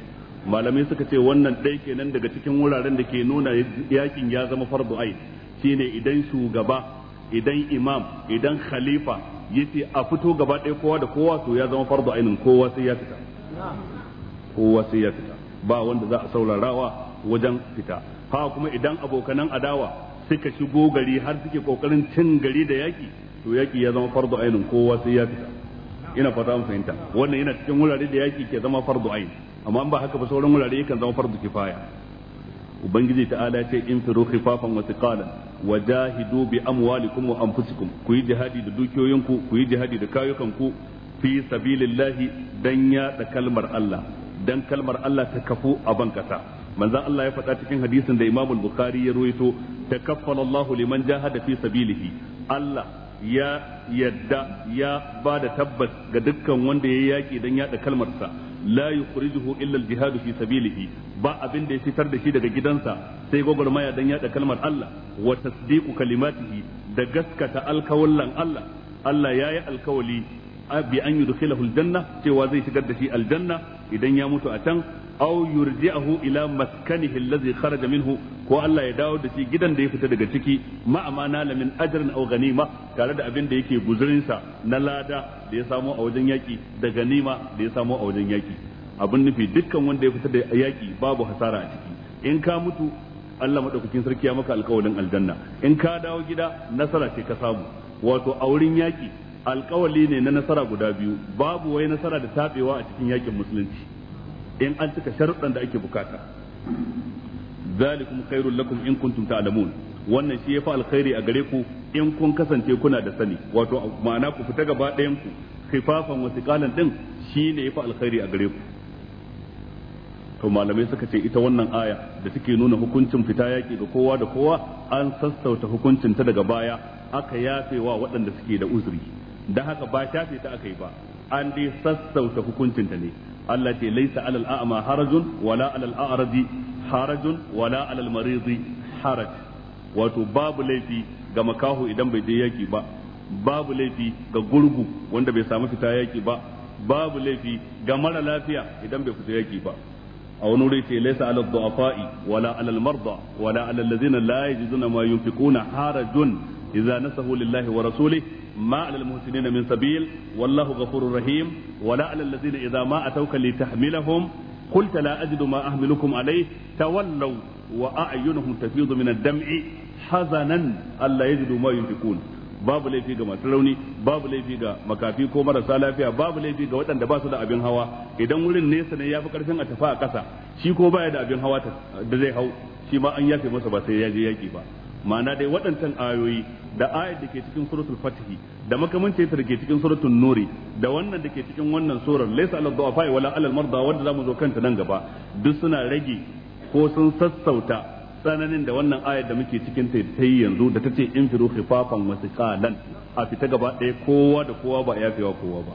malamai suka ce wannan ɗaya kenan daga cikin wuraren da ke nuna yakin ya zama fardu ain shine idan shugaba idan imam idan khalifa yace a fito gaba ɗaya kowa da kowa to ya zama fardu ainin kowa sai ya fita kowa sai ya fita ba wanda za a saurarawa wajen fita ha kuma idan abokanan adawa suka shigo gari har suke kokarin cin gari da yaki to yaki ya zama fardu ainin kowa sai ya fita ina fata an fahimta wannan yana cikin wurare da yaki ke zama fardu ain amma in ba haka ba sauran wurare yakan zama fardu kifaya ubangiji ta ala ce in firu khifafan wa thiqalan wa jahidu bi amwalikum wa anfusikum ku yi jihadi da dukiyoyinku ku yi jihadi da kayukanku fi sabilillahi dan da kalmar Allah dan kalmar Allah ta kafu a ban kasa manzon Allah ya faɗa cikin hadisin da Imam Bukhari ya ruwaito takaffala Allahu liman jahada fi sabilihi Allah ya yadda ya ba da tabbas ga dukkan wanda ya yaki dan yaɗa kalmarsa la yukhrijuhu illa al-jihad fi sabilihi ba abin da ya fitar da shi daga gidansa sai gwagwarmaya dan yaɗa kalmar Allah wa tasdiqu kalimatihi da gaskata alkawalan Allah Allah ya yi alkawali bi an yudkhilahu janna cewa zai shigar da shi aljanna idan ya mutu a can aw yurji'ahu ila maskanihi allazi kharaja minhu ko Allah ya dawo da shi gidan da ya fita daga ciki ma amana la min ajrin aw ganima tare da abin da yake guzurin sa na lada da ya samu a wajen yaki da ganima da ya samu a wajen yaki abin nufi dukkan wanda ya fita da yaki babu hasara a ciki in ka mutu Allah madaukakin sarki ya maka alƙawarin aljanna in ka dawo gida nasara ce ka samu wato a wurin yaki alƙawali ne na nasara guda biyu babu wai nasara da tabewa a cikin yakin musulunci in an cika sharuɗan da ake bukata zalikum khairul lakum in kuntum ta'lamun wannan shi yafi alkhairi a gare ku in kun kasance kuna da sani wato ma'ana ku fita gaba ɗayan ku khifafan wa thiqalan din shine yafi alkhairi a gare ku to malamai suka ce ita wannan aya da take nuna hukuncin fita yaƙi ga kowa da kowa an sassauta hukuncin ta daga baya aka yafe wa waɗanda suke da uzuri da haka ba shafe ta aka yi ba an dai sassauta hukuncin ta ne Allah ce laisa alal a'ma harajun wala alal a'radi harajun wala alal maridi haraj wato babu laifi ga makaho idan bai je yaki ba babu laifi ga gurgu wanda bai samu fita yaki ba babu laifi ga mara lafiya idan bai fita yaki ba a wani wuri ce laisa alal du'afa'i wala alal marda wala alal ladzina la yajiduna ma yunfiquna harajun idza nasahu lillahi wa rasulihi ما على المحسنين من سبيل والله غفور رحيم ولا على الذين إذا ما أتوك لتحملهم قلت لا أجد ما أحملكم عليه تولوا وأعينهم تفيض من الدمع حزنا ألا يجدوا ما ينفقون babu laifi ga masu babu laifi ga makafi ko marasa lafiya babu laifi ga waɗanda ba su da abin hawa idan wurin nesa ne ya fi ƙarfin a tafi a ƙasa shi ko baya da abin hawa da zai hau shi ma an yafe masa ba sai ya je yaƙi ba ma'ana dai waɗancan ayoyi da ayat da ke cikin suratul fatihi da makamanci da ke cikin suratul nuri da wannan da ke cikin wannan surar laysa alal du'afa wala alal marda wanda zamu zo kanta nan gaba duk suna rage ko sun sassauta tsananin da wannan ayar da muke cikin ta ta yanzu da tace firu khifafan wa thiqalan a fita gaba ɗaya kowa da kowa ba yafewa kowa ba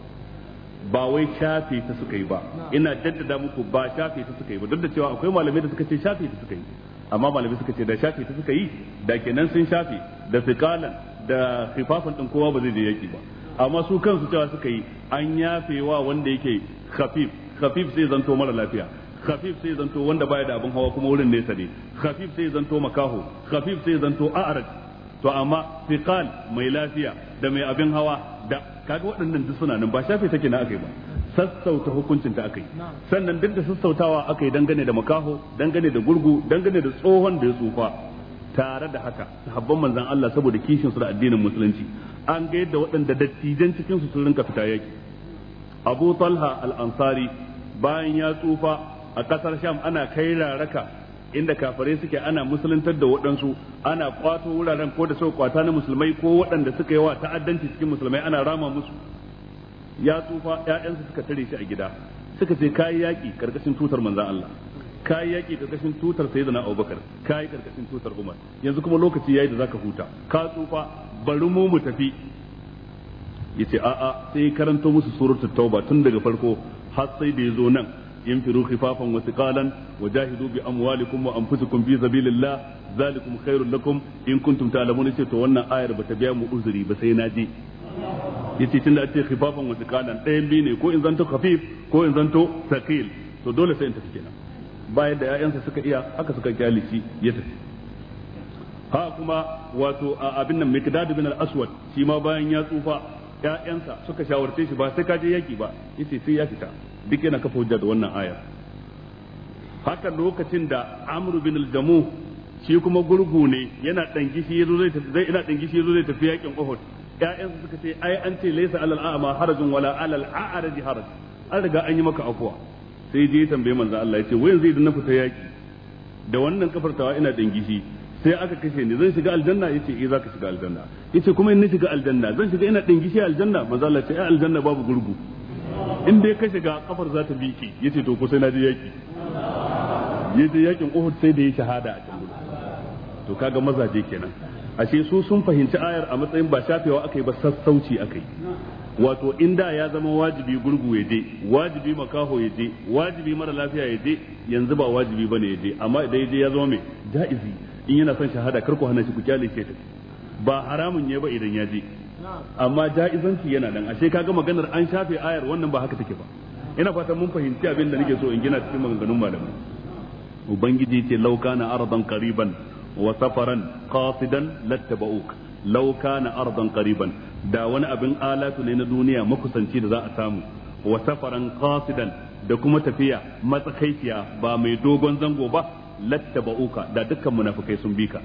ba wai shafi ta suka yi ba ina daddada muku ba shafi ta suka yi ba duk da cewa akwai malamai da suka ce shafi ta suka yi amma malami suka ce da shafi ta suka yi da kenan sun shafi da fiqalan da khifafan din kowa ba zai je yaki ba amma su kansu cewa suka yi an yafewa wanda yake khafif khafif sai zanto mara lafiya khafif sai zanto wanda baya da abin hawa kuma wurin nesa ne khafif sai zanto makaho khafif sai zanto a'raj to amma fiqal mai lafiya da mai abin hawa da kaga waɗannan duk suna nan ba shafi take na akai ba sassauta hukuncin ta akai sannan duk da sassautawa aka yi dangane da makaho dangane da gurgu dangane da tsohon da ya tsufa tare da haka sahabban manzan Allah saboda kishin su da addinin musulunci an ga yadda waɗanda dattijan cikin su sun rinka fita yaki Abu Talha al-Ansari bayan ya tsufa a kasar Sham ana kai raraka inda kafare suke ana musuluntar da waɗansu ana kwato wuraren ko da suka kwata na musulmai ko waɗanda suka yi wa ta'addanci cikin musulmai ana rama musu ya tsufa ya'yansa suka tare shi a gida suka ce kayi yaki karkashin tutar manzan Allah kayi yaki karkashin tutar sayyidina Abubakar kayi karkashin tutar Umar yanzu kuma lokaci ya yi da za ka huta ka tsufa bari mu mu tafi ce a'a sai karanto musu suratul tauba tun daga farko har sai da ya zo nan in wa ينفروا خفافا وثقالا وجاهدوا باموالكم وانفسكم في سبيل الله ذلكم in lakum in kuntum تعلمون ce to wannan ayar bata biya mu uzuri ba sai na je yace tunda a ce khifafan wa thiqalan ɗayan biyu ne ko in zanto khafif ko in zanto thaqil to dole sai in tafi kenan bayan da ƴaƴansa suka iya aka suka kyalici ya tafi ha kuma wato abin nan miqdad bin al-aswad shi ma bayan ya tsufa ƴaƴansa suka shawarce shi ba sai ka je yaki ba yace sai ya fita duk yana kafa hujja da wannan aya haka lokacin da amru bin al jamu shi kuma gurgu ne yana dangishi yazo zai zai ina dangishi yazo zai tafi yakin Uhud ƴaƴansu suka ce ai an ce laisa alal a'ma harajun wala alal araji haraj an riga an yi maka afuwa sai je tambaye manzo Allah ya ce wai zai na fita yaki da wannan kafartawa ina dangishi sai aka kashe ni zan shiga aljanna yace eh zaka shiga aljanna yace kuma in na shiga aljanna zan shiga ina dangishi aljanna manzo Allah ya ce ai aljanna babu gurgu in dai ka shiga kafar za ta biki yace to ko sai na je yaki yaje yakin Uhud sai da ya shahada a can to kaga mazaje kenan ashe su sun fahimci ayar a matsayin ba shafewa aka yi ba sassauci aka yi wato in da ya zama wajibi gurgu ya je wajibi makaho ya je wajibi mara lafiya ya je yanzu ba wajibi bane ya je amma idan ya je ya zama mai ja'izi in yana son shahada kar ku hana shi ku kyale shi ba haramun ne ba idan ya je amma ja'izanci yana dan ashe kaga maganar an shafe ayar wannan ba haka take ba ina fatan mun fahimci abin da nake so in gina cikin maganganun malamai ubangiji ce laukana aradan kariban. wa safaran qasidan lattaba'uk law kana ardan qariban da wani abin alatu ne na duniya makusanci da za a samu wa safaran qasidan da kuma tafiya matsakaiciya ba mai dogon zango ba lattaba'uka da dukkan munafukai sun bi ka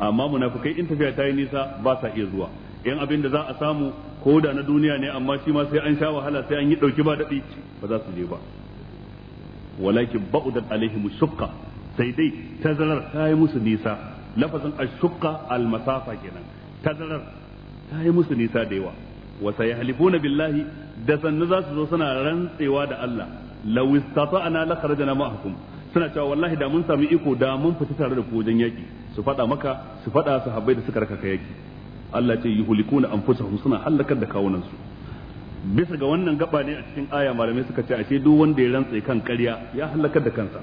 amma munafukai in tafiya ta yi nisa ba sa iya zuwa in abin da za a samu ko da na duniya ne amma shi ma sai an sha wahala sai an yi dauki ba dadi ba za su je ba walakin ba'udat alaihim shukka sai dai tazarar ta yi musu nisa lafazin ashukka almasafa kenan tazarar ta yi musu nisa da yawa Wasa halifu na billahi da sannu za su zo suna rantsewa da Allah law istata'na la kharajna ma'akum suna cewa wallahi da mun sami iko da mun fita tare da ku wajen yaki su fada maka su fada su habbai da suka raka ka yaki Allah ce yuhlikuna anfusahum suna halakar da kawunansu. bisa ga wannan gaba ne a cikin aya malamai suka ce ashe duk wanda ya rantse kan ƙarya ya halakar da kansa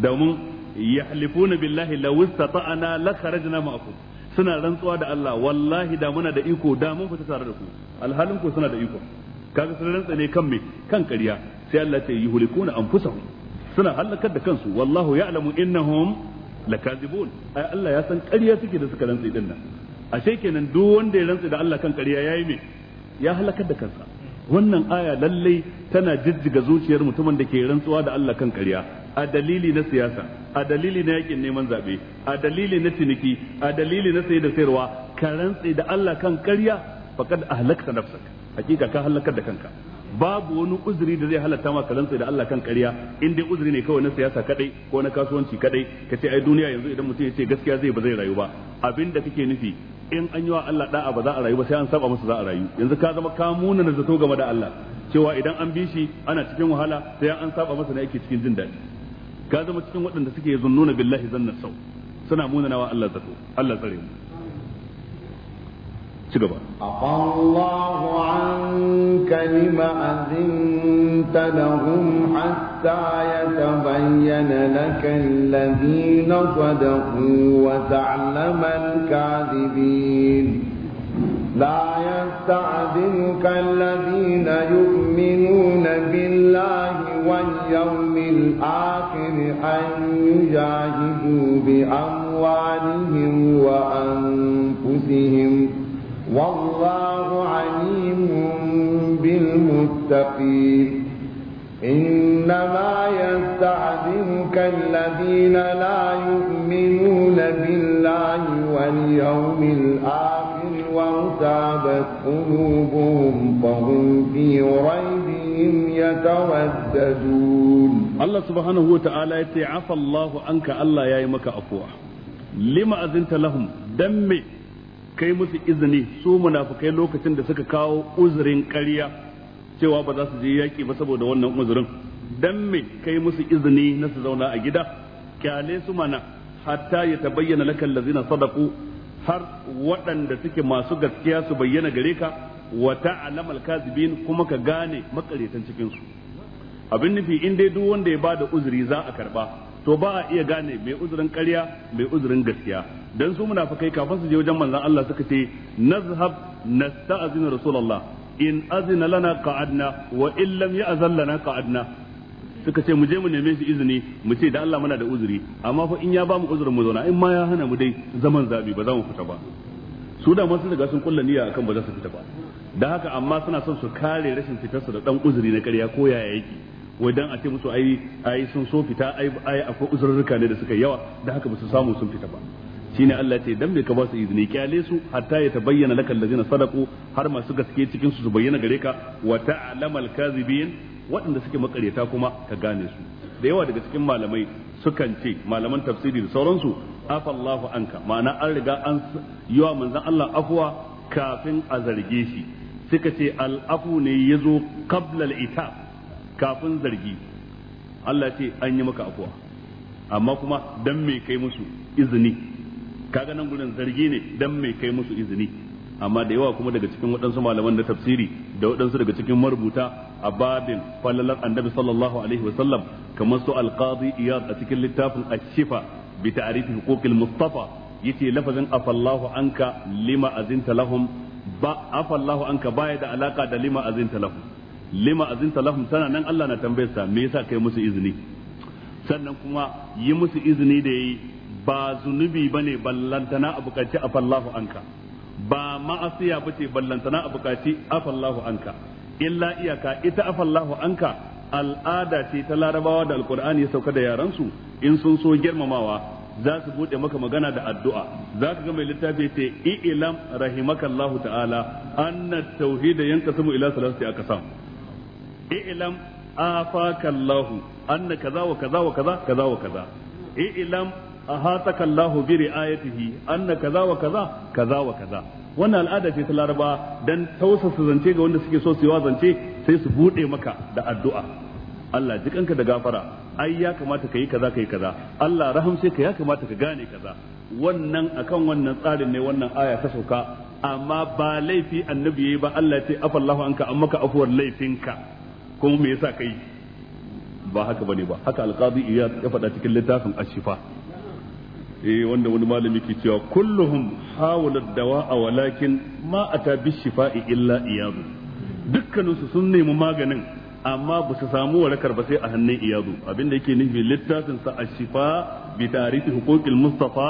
domin yahlifuna billahi law istata'ana la kharajna ma'akum suna rantsuwa da Allah wallahi da muna da iko da mun fita tare da ku alhalin ku suna da iko kaga sun rantsa ne kan me kan ƙarya sai Allah ce yuhlikuna anfusahum suna halakar da kansu wallahu ya'lamu innahum lakazibun ai Allah ya san ƙarya suke da suka rantsa din nan ashe kenan duk wanda ya rantsa da Allah kan ƙarya yayi me ya halakar da kansa wannan aya lallai tana jijjiga zuciyar mutumin da ke rantsuwa da Allah kan ƙarya a dalili na siyasa a dalili na yakin neman zaɓe a dalili na ciniki a dalili na sayar da sayarwa ka rantsi da Allah kan ƙarya faqad ahlakta nafsak hakika ka halakar da kanka babu wani uzuri da zai halatta maka rantsi da Allah kan ƙarya in dai uzuri ne kawai na siyasa kadai ko na kasuwanci kadai ka ce ai duniya yanzu idan mutum ya ce gaskiya zai ba zai rayu ba abin da kake nufi in an yi wa Allah da'a ba za a rayu ba sai an saba masa za a rayu yanzu ka zama ka muna na zato game da Allah cewa idan an bi shi ana cikin wahala sai an saba masa ne yake cikin jin daɗi ka zama cikin waɗanda suke zunnuna billahi zanna sau suna muna wa Allah zato Allah tsare mu ci gaba afallahu anka lima azinta lahum hatta yatabayyana laka alladhina sadaqu wa ta'lama al-kadhibin لا يستعذنك الذين يؤمنون بالله واليوم الآخر أن يجاهدوا بأموالهم وأنفسهم والله عليم بالمتقين إنما يستعذبك الذين لا يؤمنون بالله واليوم الآخر وارتابت قلوبهم فهم في ريبهم يترددون الله سبحانه وتعالى يتعافى الله عنك الله يا مك أفواه لما أذنت لهم دمي kai musu izini su munafukai lokacin da suka kawo uzurin ƙarya cewa ba za su je yaƙi ba saboda wannan uzurin dan me kai musu izini na su zauna a gida kyale su mana hatta ya tabayyana laka allazina sadaqu har waɗanda suke masu gaskiya su bayyana gare ka wa ta'lam al kuma ka gane makaretan cikin su abin nufi in dai duk wanda ya bada uzuri za a karba to ba a iya gane mai uzurin ƙarya mai uzurin gaskiya dan su munafikai kafin su je wajen manzon Allah suka ce nazhab nasta'zin rasulullah in azina lana qa'adna wa in lam ya'zan lana qa'adna suka ce mu je mu neme shi izini mu ce da Allah muna da uzuri amma fa in ya ba mu uzurin mu zauna in ma ya hana mu dai zaman zabi ba za mu fita ba su da masu daga sun kulla niyya akan ba za su fita ba da haka amma suna son su kare rashin fitarsa da dan uzuri na ƙarya ko yaya yake wai dan a ce musu ai ai sun so fita ai ai akwai uzurruka ne da suka yawa da haka musu samu sun fita ba shine Allah ce dan bai ka ba su izini kyale su hatta ya tabayyana laka allazina sadaku har masu gaske cikin su su bayyana gare ka wa ta'lamal kadhibin waɗanda suke makaryata kuma ka gane su da yawa daga cikin malamai sukan ce malaman tafsiri da sauransu afallahu anka ma'ana an riga an yi wa manzon Allah afwa kafin a zarge shi suka ce al'afu ne yazo qabla al-itab kafin zargi Allah ce an yi maka afuwa amma kuma dan mai kai musu izini kaga nan gurin zargi ne dan mai kai musu izini amma da yawa kuma daga cikin waɗansu malaman na tafsiri da waɗansu daga cikin marubuta a babin falalar annabi sallallahu alaihi sallam, kamar su alqadi iyad a cikin littafin ashifa bi ta'rifi huquqil mustafa yace lafazin afallahu anka lima azinta lahum ba afallahu anka baya da alaka da lima azinta lahum lima azinta lahum tana nan Allah na tambayar sa me yasa kai musu izini sannan kuma yi musu izini da yi ba zunubi bane ballantana a bukaci fallahu anka ba ma'asiya bace ballantana a bukaci fallahu anka illa iyaka ita a fallahu anka al'ada ce ta larabawa da alkur'ani ya sauka da yaran su in sun so girmamawa za su bude maka magana da addu'a za ka ga mai littafi ce i'lam rahimakallahu ta'ala anna tauhida yankasimu ila salati akasam i'lam afaka Allah anna kaza wa kaza wa kaza kaza wa kaza i'lam ahataka Allah bi ri'ayatihi anna kaza wa kaza kaza wa kaza wannan al'ada ce ta laraba dan tausasa zance ga wanda suke so su yi zance sai su bude maka da addu'a Allah jikanka da gafara ai ya kamata ka yi kaza ka kaza Allah sai ka ya kamata ka gane kaza wannan akan wannan tsarin ne wannan aya ta sauka amma ba laifi annabi yayi ba Allah ya ce afallahu anka amma ka afuwar laifinka kuma me yasa kai ba haka bane ba haka alqadi iyad ya faɗa cikin littafin ashifa eh wanda wani malami ke cewa kulluhum hawala dawa'a walakin ma ata bishifa'i illa iyadu dukkanin su sun nemi maganin amma ba su samu warakar ba sai a hannun iyadu abinda yake nufi littafin sa ashifa bi tarihi huquqil mustafa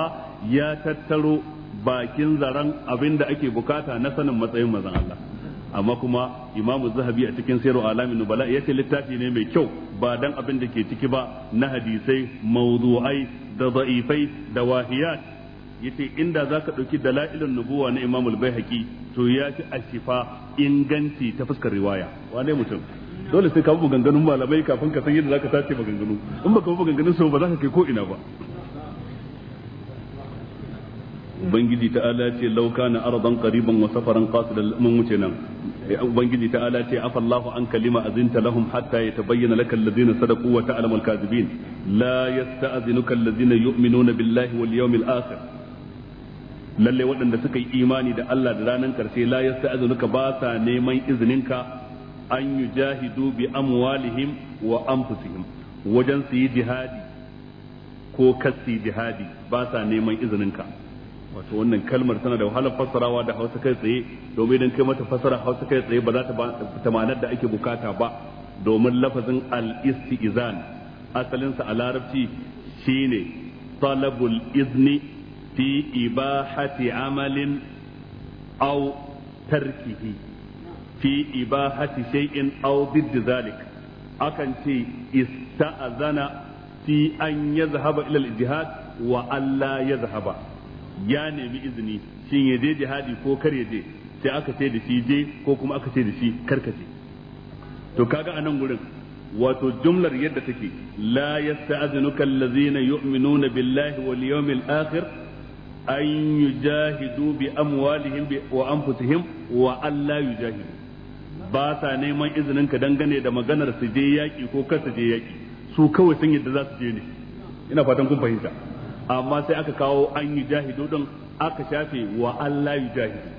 ya tattaro bakin zaren abinda ake bukata na sanin matsayin mazan Allah amma kuma imamu zahabi a cikin sayarwa alamin nubala ya ce littafi ne mai kyau ba dan abin da ke ciki ba na hadisai mawdu'ai da za'ifai da wahiyat ce inda za zaka dauki dalailun nubuwa na imamul baihaqi to ya fi ashifa inganci ta fuskar riwaya wane mutum dole sai ka bi maganganun malamai kafin ka san yadda za zaka tace maganganu in ba bi maganganun su ba za ka kai ko ina ba ubangiji ta ala ce lauka na arzan qariban wa safaran qasidan mun wuce nan ubangiji ta ala ce afa Allahu an kalima azinta lahum hatta yatabayyana laka alladhina sadaqu wa ta'lamu al la yasta'zinuka alladhina yu'minuna billahi wal yawmil akhir lalle waɗanda suka yi imani da Allah da ranar karshe la yasta'zinuka ba sa neman izininka an yujahidu bi amwalihim wa anfusihim wajen su yi jihadi ko kasi jihadi ba sa neman izininka wato wannan kalmar tana da wahalar fassarawa da hausa kai tsaye domin idan kai mata fassara hausa kai tsaye ba za ta ta ma'anar da ake bukata ba domin lafazin al-istizan asalinsa a larabci shine talabul izni fi ibahati amalin aw tarkihi fi ibahati shay'in aw didd zalik akan ce ista'zana fi an yazhaba ila al-ijtihad wa alla yazhaba ya nemi izini shin ya je jihadi ko kar ya je sai aka ce da shi je ko kuma aka ce da shi kar ka je. to kaga a gurin wato jumlar yadda take la yasta'zinuka allazina yu'minuna billahi wal yawmil akhir an yujahidu bi amwalihim wa anfusihim wa alla yujahidu ba sa neman izinin ka dangane da maganar su je yaki ko kar su je yaki su kawai sun yadda za su je ne ina fatan kun fahimta amma sai aka kawo an yi jahido don aka shafe wa Allah yi jahidu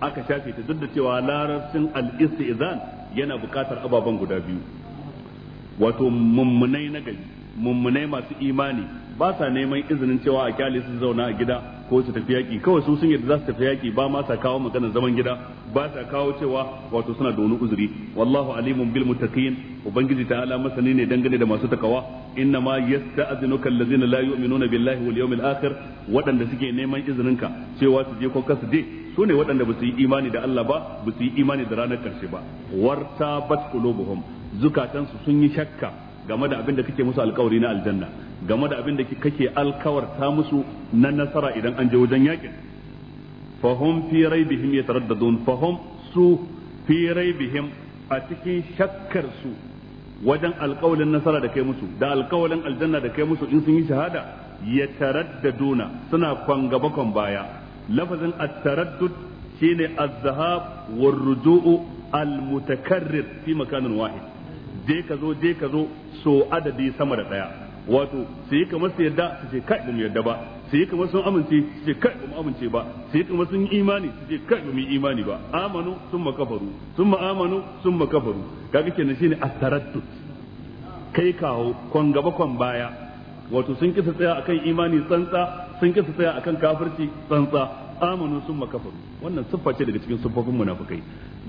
aka shafe ta duk da cewa larabcin al-istizan yana bukatar ababen guda biyu wato mummunai na gari mummunai masu imani ba sa neman izinin cewa a kyale su zauna a gida ko su tafi yaƙi kawai su sun yadda za su tafi yaƙi ba ma sa kawo maganar zaman gida ba sa kawo cewa wato suna da wani uzuri wallahu alimun bil muttaqin ubangiji ta ala masani ne dangane da masu takawa inna ma yasta'zinuka allazina la yu'minuna billahi wal yawmil akhir waɗanda suke neman izinin ka cewa su je ko kasu je su ne waɗanda ba su yi imani da Allah ba ba su yi imani da ranar karshe ba wartabat qulubuhum zukatansu sun yi shakka game da abin da kake musu alkawari na aljanna game da abin da kake alkawarta musu na nasara idan an je wajen yakin fahum fi raibihim yataraddadun fahim su fi raibihim a cikin shakkar su wajen alkawalin nasara da kai musu da alkawalin aljanna da kai musu in sun yi shahada yataraddaduna suna kwangaba baya lafazin at-taraddud shine az-zahab war-ruju'u al-mutakarrir fi makanin wahid je ka zo je ka zo so adadi sama da daya wato su yi kamar su yarda su ce kai ba mu yarda ba su yi kamar sun amince su ce kai ba mu amince ba su yi kamar sun yi imani su ce kai ba mu yi imani ba amanu sun makafaru sun ma'amanu sun makafaru kaga kenan shine astarattut kai kawo kon gaba kon baya wato sun kisa tsaya akan imani tsantsa sun kisa tsaya akan kafirci tsantsa amanu sun makafaru wannan siffa ce daga cikin siffofin munafikai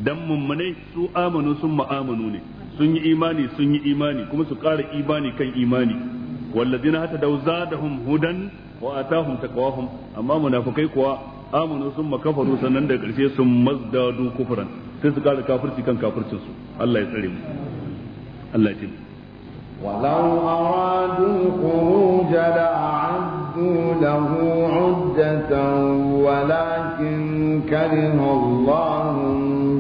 dan mummune su amanu sun ma'amanu ne sun yi imani sun yi imani kuma su ƙara imani kan imani wallazina hatta da hum hudan wa atahum taqwahum amma munafikai kuwa amanu sun makafaru sannan da ƙarshe sun mazdadu kufran sai su ƙara kafirci kan kafircin su Allah ya tsare mu Allah ya ce ولو أرادوا الخروج لأعدوا له عدة ولكن كره الله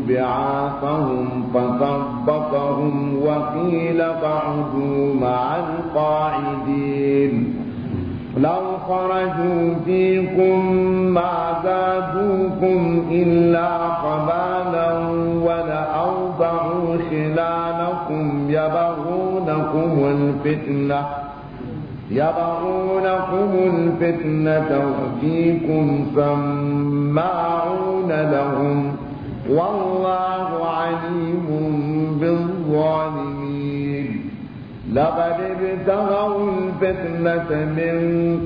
بعاقهم فثبطهم وقيل قعدوا مع القاعدين لو خرجوا فيكم ما زادوكم إلا قبالا ولأوضعوا خلالكم يبغونكم الفتنة يبغونكم الفتنة وفيكم سماعون لهم والله عليم بالظالمين لقد ابتغوا الفتنة من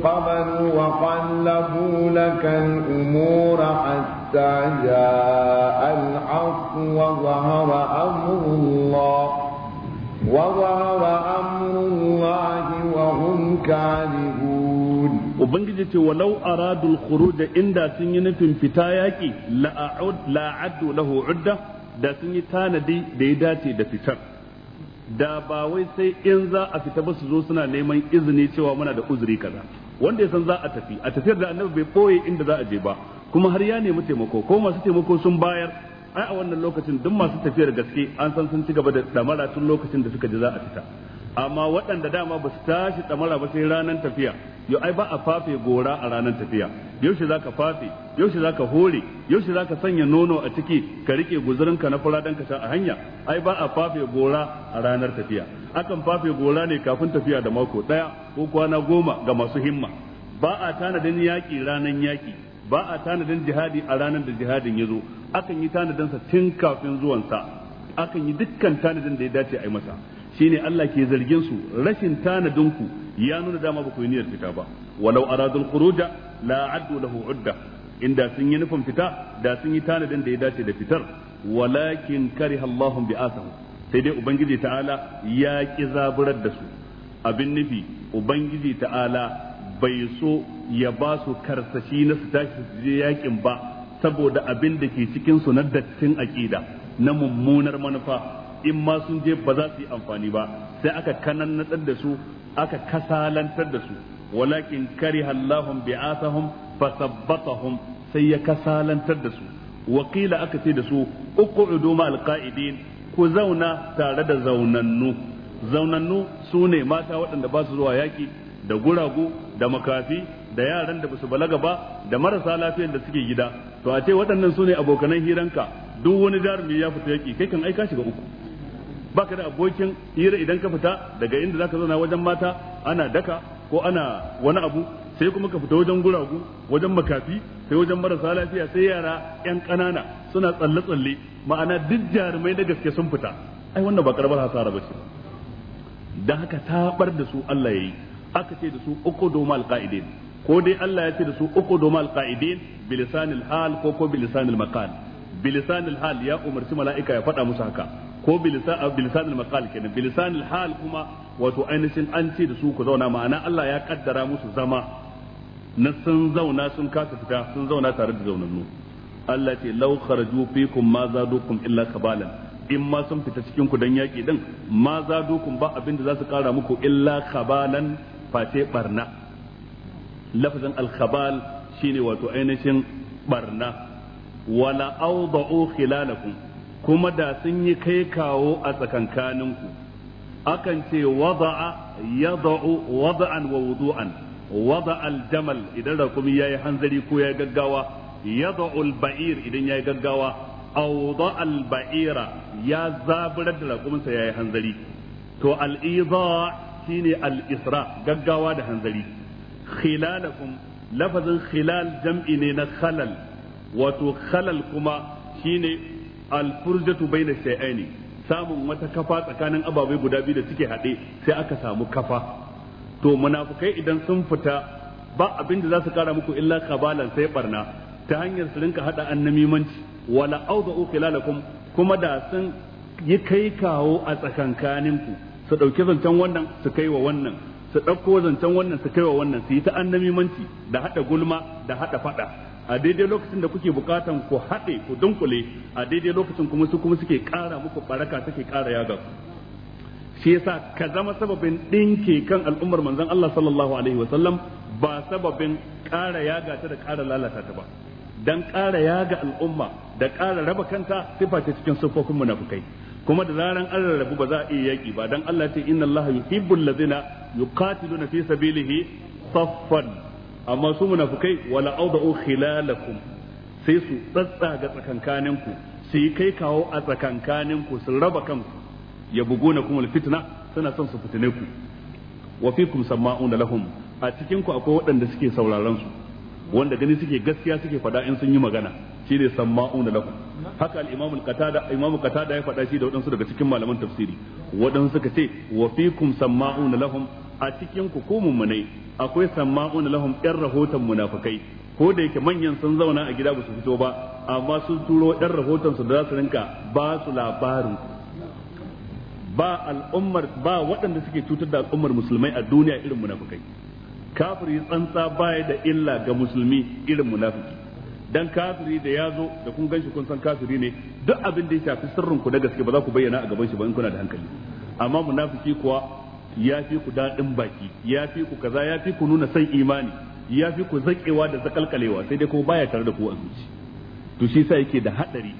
قبل وقلبوا لك الأمور حتى جاء الحق وظهر أمر الله وظهر أمر الله وهم كاذبون ubangiji ce walau aradul khuruj inda sun yi nufin fita yaki addu lahu udda da sun yi tanadi da ya dace da fitar da ba wai sai in za a fita ba su zo suna neman izini cewa muna da uzuri kaza wanda ya san za a tafi a tafiyar da annabi bai boye inda za a je ba kuma har ya nemi taimako ko masu taimako sun bayar ai a wannan lokacin duk masu tafiyar gaske an san sun ci gaba da damara tun lokacin da suka ji za a fita amma waɗanda dama ba su tashi tsamara ba sai ranar tafiya yau ai ba a fafe gora a ranar tafiya yaushe zaka fafe yaushe ka hore yaushe zaka sanya nono a ciki ka rike guzurin ka na fura dan ka sha a hanya ai ba a fafe gora a ranar tafiya akan fafe gora ne kafin tafiya da mako ɗaya ko kwana goma ga masu himma ba a tanadin yaƙi ranar yaƙi ba a tanadin jihadi a ranar da jihadin ya zo akan yi tanadinsa tun kafin zuwansa akan yi dukkan tanadin da ya dace a yi masa shine Allah ke zargin su rashin tanadin ku ya nuna dama ba ku yi niyyar fita ba walau aradul khuruja la addu lahu udda inda sun yi nufin fita da sun yi tanadin da ya dace da fitar walakin kariha Allahum bi'asahu sai dai ubangiji ta'ala ya ki zaburar da su abin nufi ubangiji ta'ala bai so ya ba su karsashi na su tashi su je yakin ba saboda abin da ke cikin su na dattin aqida na mummunar manufa in ma sun je ba za su yi amfani ba sai aka kanannatar da su aka kasalantar da su walakin kariha Allahum bi'asahum fasabbatahum sai ya kasalantar da su wakila aka ce da su uqudu ma alqaidin ku zauna tare da zaunannu zaunannu su ne mata waɗanda ba su zuwa yaki da guragu da makafi da yaran da basu balaga ba da marasa lafiyar da suke gida to a ce waɗannan su ne abokanan hiranka duk wani jarumi ya fita yaki kai kan aika shiga uku baka da abokin hira idan ka fita daga inda zaka zauna wajen mata ana daka ko ana wani abu sai kuma ka fita wajen guragu wajen makafi sai wajen marasa lafiya sai yara yan ƙanana suna tsalle tsalle ma'ana duk jarumai na gaske sun fita ai wannan ba karamar hasara ba ce dan haka tabar da su Allah yayi aka ce da su uquduma alqaidin ko dai Allah ya ce da su uquduma alqaidin bilisanil hal ko ko bilisanil maqal bilisanil hal ya umarci mala'ika ya faɗa musu haka ko ah, bilisan al-maqal kenan bilisan al-hal kuma wato ainihin an ce da su ku zauna ma'ana Allah ya kaddara musu zama na sun zauna sun kasa fita sun zauna tare da zaunannu Allah ce law kharaju fikum ma zadukum illa kabalan in ma sun fita cikin ku dan yaki din ma zadukum ba abin da za su kara muku illa kabalan face barna lafazin al-khabal shine wato ainihin barna wala awda'u khilalakum kuma da sun yi kai kawo a tsakankaninku akan ce wada'a yada'u wada'an wa wudu'an wada'a aljamal idan rakumi yi hanzari ko ya gaggawa yada'u alba'ir idan yi gaggawa aw wada'a alba'ira ya zaburar da rakumin ya yi hanzari to al-idha shine al'isra gaggawa da hanzari khilalakum lafazin khilal jam'i ne na khalal wato khalal kuma shine alfurjatu bayna shay'aini samun wata kafa tsakanin ababai guda biyu da suke haɗe sai aka samu kafa to munafukai idan sun fita ba abin da za su kara muku illa kabalan sai barna ta hanyar su rinka hada annamimanci wala auzu khilalakum kuma da sun yi kai kawo a tsakankaninku su dauki zancen wannan su kai wa wannan su ɗauko zancen wannan su kai wa wannan su yi ta annamimanci da haɗa gulma da haɗa faɗa a daidai lokacin da kuke bukatan ku haɗe ku dunkule a daidai lokacin kuma su kuma suke ƙara muku baraka suke ƙara yaga shi yasa ka zama sababin ɗinke kan al'ummar manzon Allah sallallahu alaihi wa sallam ba sababin ƙara yaga ta da ƙara lalata ta ba dan ƙara yaga al'umma da ƙara raba kanta sifa ta cikin sufofin munafukai kuma da zaran an rarrabu ba za a iya yaƙi ba dan Allah ce inna Allah yuhibbul ladzina yuqatiluna fi sabilihi saffan amma su munafukai wala auda'u khilalakum sai su tsatsa ga tsakankaninku su yi kai kawo a tsakankaninku su raba kanku ya bugu na kuma fitna suna son su fitine ku wa fikum sama'una lahum a cikin ku akwai waɗanda suke sauraron su wanda gani suke gaskiya suke faɗa in sun yi magana shine sama'una lahum haka al-imamu qatada imamu qatada ya faɗa shi da waɗansu daga cikin malaman tafsiri waɗansu suka ce wa fikum sama'una lahum a cikin ku ko mummunai akwai sammauna lahum yan rahoton munafukai ko da yake manyan sun zauna a gida ba su fito ba amma sun turo yan rahoton su da su rinka ba su labarin ba al'ummar ba waɗanda suke cutar da al'ummar musulmai a duniya irin munafukai kafiri tsantsa baya da illa ga musulmi irin munafiki dan kafiri da ya zo da kun ganshi kun san kafiri ne duk abin da ya shafi sirrin ku na gaske ba za ku bayyana a gaban shi ba in kuna da hankali amma munafiki kuwa ya fi ku daɗin baki ya fi ku kaza ya fi ku nuna san imani ya fi ku zaƙewa da zakalkalewa sai dai ko baya tare da ku a zuci to shi sa yake da hadari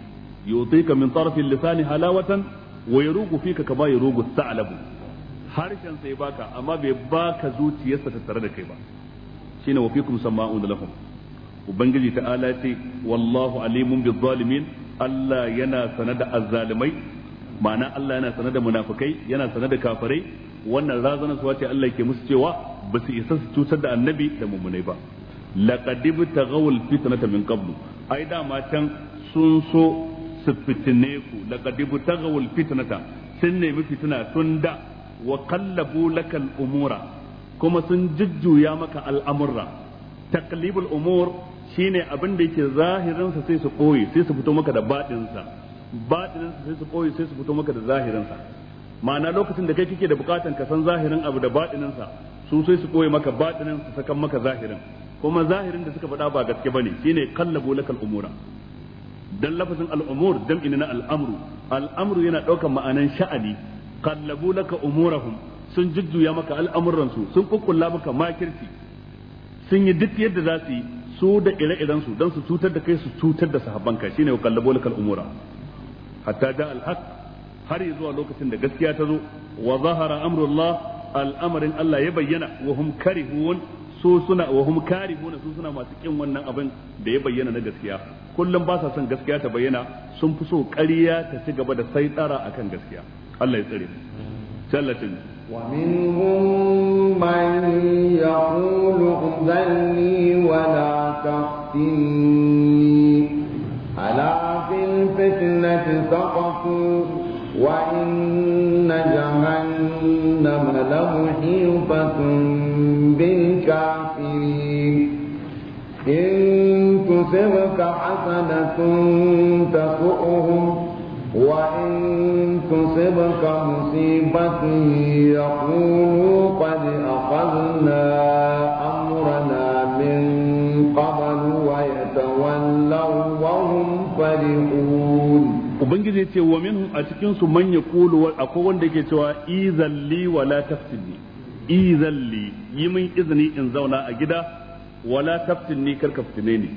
yutika min tarfi lisani halawatan wa yarugu fika kama yarugu sa'labu harshen sai baka amma bai baka zuciyarsa ta tare da kai ba shine wa fikum sama'un lahum ubangiji ta'ala ce wallahu alimun bizzalimin Allah yana sanar da azzalimai ma'ana Allah yana sanar da munafukai yana sanar da kafirai wannan razanarwa ce Allah ke musu cewa ba su isa su cutar da annabi da mummunai ba laqad ibtaghaw alfitnata min qablu ai dama can sun so su fitine ku laqad ibtaghaw alfitnata sun nemi fitina tun da wa qallabu lakal umura kuma sun jujjuya maka al'amurra taqlibul umur shine abin da yake zahirinsa sai su koyi sai su fito maka da baɗinsa batinin sai su koyi sai su fito maka da zahirin sa ma'ana lokacin da kai kike da bukatan ka san zahirin abu da batinin sa su sai su koyi maka batinin su sakan maka zahirin kuma zahirin da suka faɗa ba gaske bane shine kallabu lakal umura dan lafazin al'umur jam'i na al'amru al'amru yana ɗaukar ma'anan sha'ani kallabu laka umurahum sun jujjuya maka al'amuransu sun kukkulla maka makirci sun yi duk yadda za su yi su da ire iransu don su cutar da kai su cutar da sahabbanka shine kallabu laka al'umura hatta da al har har zuwa lokacin da gaskiya ta zo wa zahara amrullah al'amarin Allah ya bayyana wa hum karihun su suna wa hum su suna masu kin wannan abin da ya bayyana na gaskiya kullum ba sa son gaskiya ta bayyana sun fi so ƙarya ta ci gaba da sai tsara akan gaskiya Allah ya tsare sallatin ومنهم من يقول ائذني ولا تفتني سقطوا وإن جهنم لمحيطة بالكافرين إن تصبك حسنة تسؤهم وإن تصبك مصيبة يقولوا قد أخذنا ubangiji ya wa minhum a cikin su man yaqulu akwai wanda yake cewa izalli wa la taftinni izalli yi min izini in zauna a gida wa la taftinni kar ka fitine ni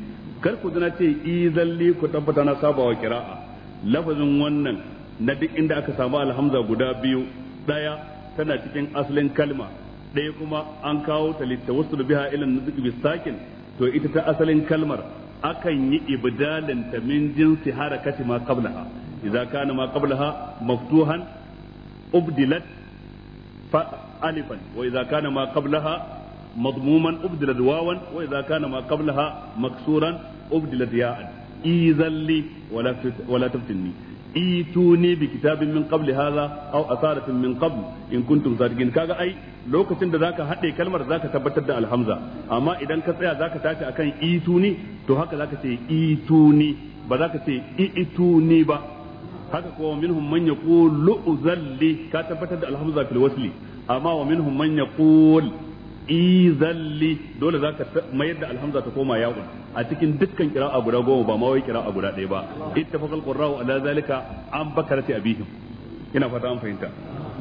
kar ku zana ce izalli ku tabbata na sabawa kira'a lafazin wannan na duk inda aka samu alhamza guda biyu daya tana cikin asalin kalma ɗaya kuma an kawo ta littawassul biha ilan nutqi bisakin to ita ta asalin kalmar akan yi ibdalin ta min jinsi harakati ma qablaha idza kana ma qablaha maftuhan ubdilat fa alifan wa idza kana ma qablaha مضموما wawan. واوا وإذا كان ما قبلها مكسورا أبدلت ياء إذا لي ولا ولا تفتني ituni bi kitabin min qabli hadha aw asaratin min qabl in kuntum sadiqin kaga ai lokacin da zaka hade kalmar zaka tabbatar da alhamza amma idan ka tsaya zaka tashi akan ituni to haka zaka ce ituni ba za ka ce ituni ba haka kuma minhum man yaqulu uzalli ka tabbatar da alhamza fil wasli amma wa minhum man yaqulu izalli dole zaka mayar da alhamza ta koma ya'un a cikin dukkan qira'a guda goma ba ma wai qira'a guda ɗaya ba ittafaqal qurra'u ala zalika an bakarati abihim ina fata an fahimta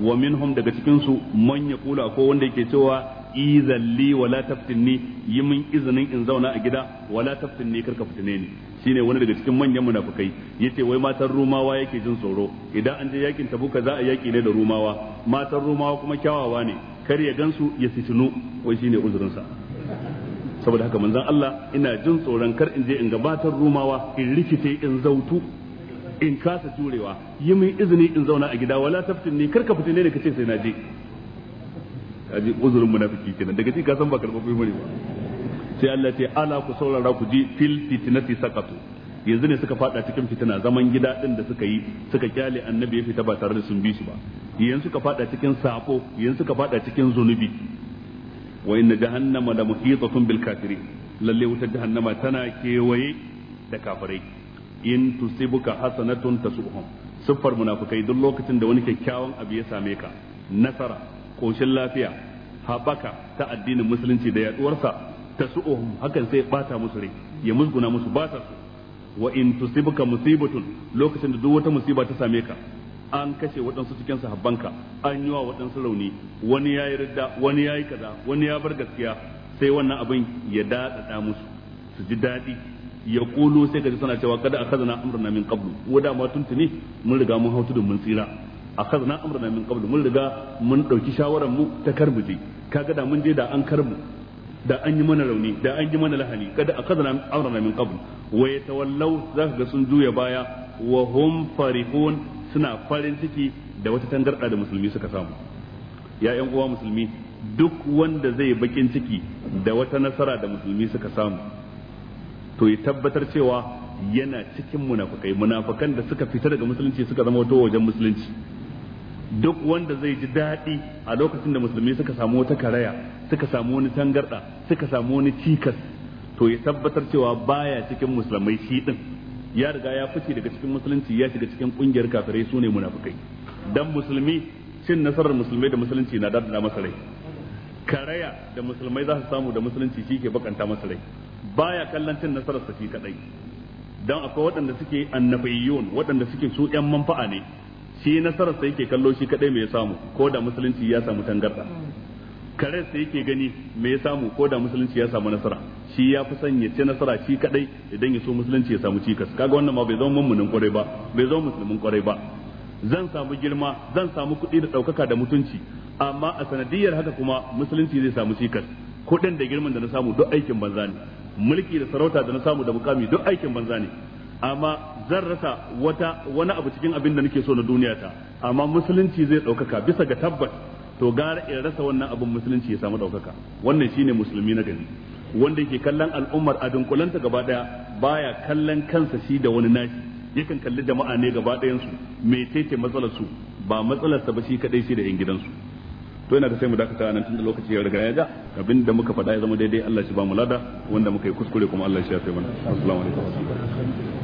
wa minhum daga cikin su man yaqulu ko wanda yake cewa izalli wala taftinni yi min izinin in zauna a gida wala taftinni karka fitine ni shine wani daga cikin manyan munafukai yace wai matan rumawa yake jin tsoro idan an je yakin tabuka za a yaki ne da rumawa matan rumawa kuma kyawawa ne kar ya gansu ya fitinu wai shine uzurinsa saboda haka manzon Allah ina jin tsoron kar in je in gabatar rumawa in rikice in zautu in kasa jurewa yi min izini in zauna a gida wala taftin ni karka fitine ne kace sai na je kaji uzurin munafiki kenan daga ji ka san ba karbabe bane ba sai Allah ya ce ala ku saurara ku ji fil fitnati saqatu yanzu ne suka fada cikin fitina zaman gida din da suka yi suka kyale annabi ya fita ba tare da sun bi su ba yanzu suka fada cikin sako yanzu suka fada cikin zunubi wa inna jahannama la muhitatun bil kafirin lalle wutar jahannama tana kewaye da kafirai in tusibuka hasanatun tasuhum siffar munafikai duk lokacin da wani kyakkyawan abu ya same ka nasara koshin lafiya habaka ta addinin musulunci da yaduwarsa tasuhum hakan sai bata musu rai ya musguna musu ba su wa in tusibuka musibatun lokacin da duk wata musiba ta same ka an kashe waɗansu cikin sahabbanka an yi wa waɗansu rauni wani ya yi ridda wani ya yi kaza wani ya bar gaskiya sai wannan abin ya daɗaɗa musu su ji daɗi ya ƙulu sai ka ji suna cewa kada akhadna amurna min qablu wa da ma tuntuni mun riga mun hautu da mun tsira akhadna amurna min qablu mun riga mun ɗauki shawaran mu ta karmuje kaga da mun je da an karmu da an yi mana rauni da an yi mana lahani kada akadna amrana min qabl wa yatawallaw zaka ga sun juya baya wa hum farihun suna farin ciki da wata tangarda da musulmi suka samu ya yan uwa musulmi duk wanda zai bakin ciki da wata nasara da musulmi suka samu to ya tabbatar cewa yana cikin munafukai munafukan da suka fita daga musulunci suka zama wato wajen musulunci duk wanda zai ji daɗi a lokacin da musulmi suka samu wata karaya suka samu wani tangarɗa suka samu wani cikas to ya tabbatar cewa baya cikin musulmai shi din ya riga ya fice daga cikin musulunci ya shiga cikin kungiyar kafirai su ne munafukai dan musulmi cin nasarar musulmai da musulunci na dadana masa rai karaya da musulmai za su samu da musulunci shi ke bakanta masa rai baya kallon cin nasarar sa shi kadai dan akwai waɗanda suke annabiyyun waɗanda suke su ƴan manfa'a ne shi nasarar sa yake kallo shi kadai me ya samu ko da musulunci ya samu tangarda kare sa yake gani me ya samu ko da musulunci ya samu nasara shi ya fi son ya ci nasara shi kadai idan ya so musulunci ya samu cikas kaga wannan ma bai zama mummunin kwarai ba bai zama musulmin kwarai ba zan samu girma zan samu kuɗi da ɗaukaka da mutunci amma a sanadiyar haka kuma musulunci zai samu cikas kuɗin da girman da na samu duk aikin banza ne mulki da sarauta da na samu da mukami duk aikin banza ne amma zan rasa wata wani abu cikin abin da nake so na duniya ta amma musulunci zai ɗaukaka bisa ga tabbat to gara in rasa wannan abin musulunci ya samu ɗaukaka wannan shine musulmi na gani wanda yake kallon al'ummar a dunkulanta gaba daya baya kallon kansa shi da wani nashi yakan kalli jama'a ne gaba ɗayan su mecece matsalar su ba matsalar sa ba shi kadai shi da yan gidansu to ina da sai mu dakata nan tun da lokaci ya riga ya ja abin da muka faɗa ya zama daidai Allah shi ba mu lada wanda muka yi kuskure kuma Allah shi ya sai mana assalamu alaikum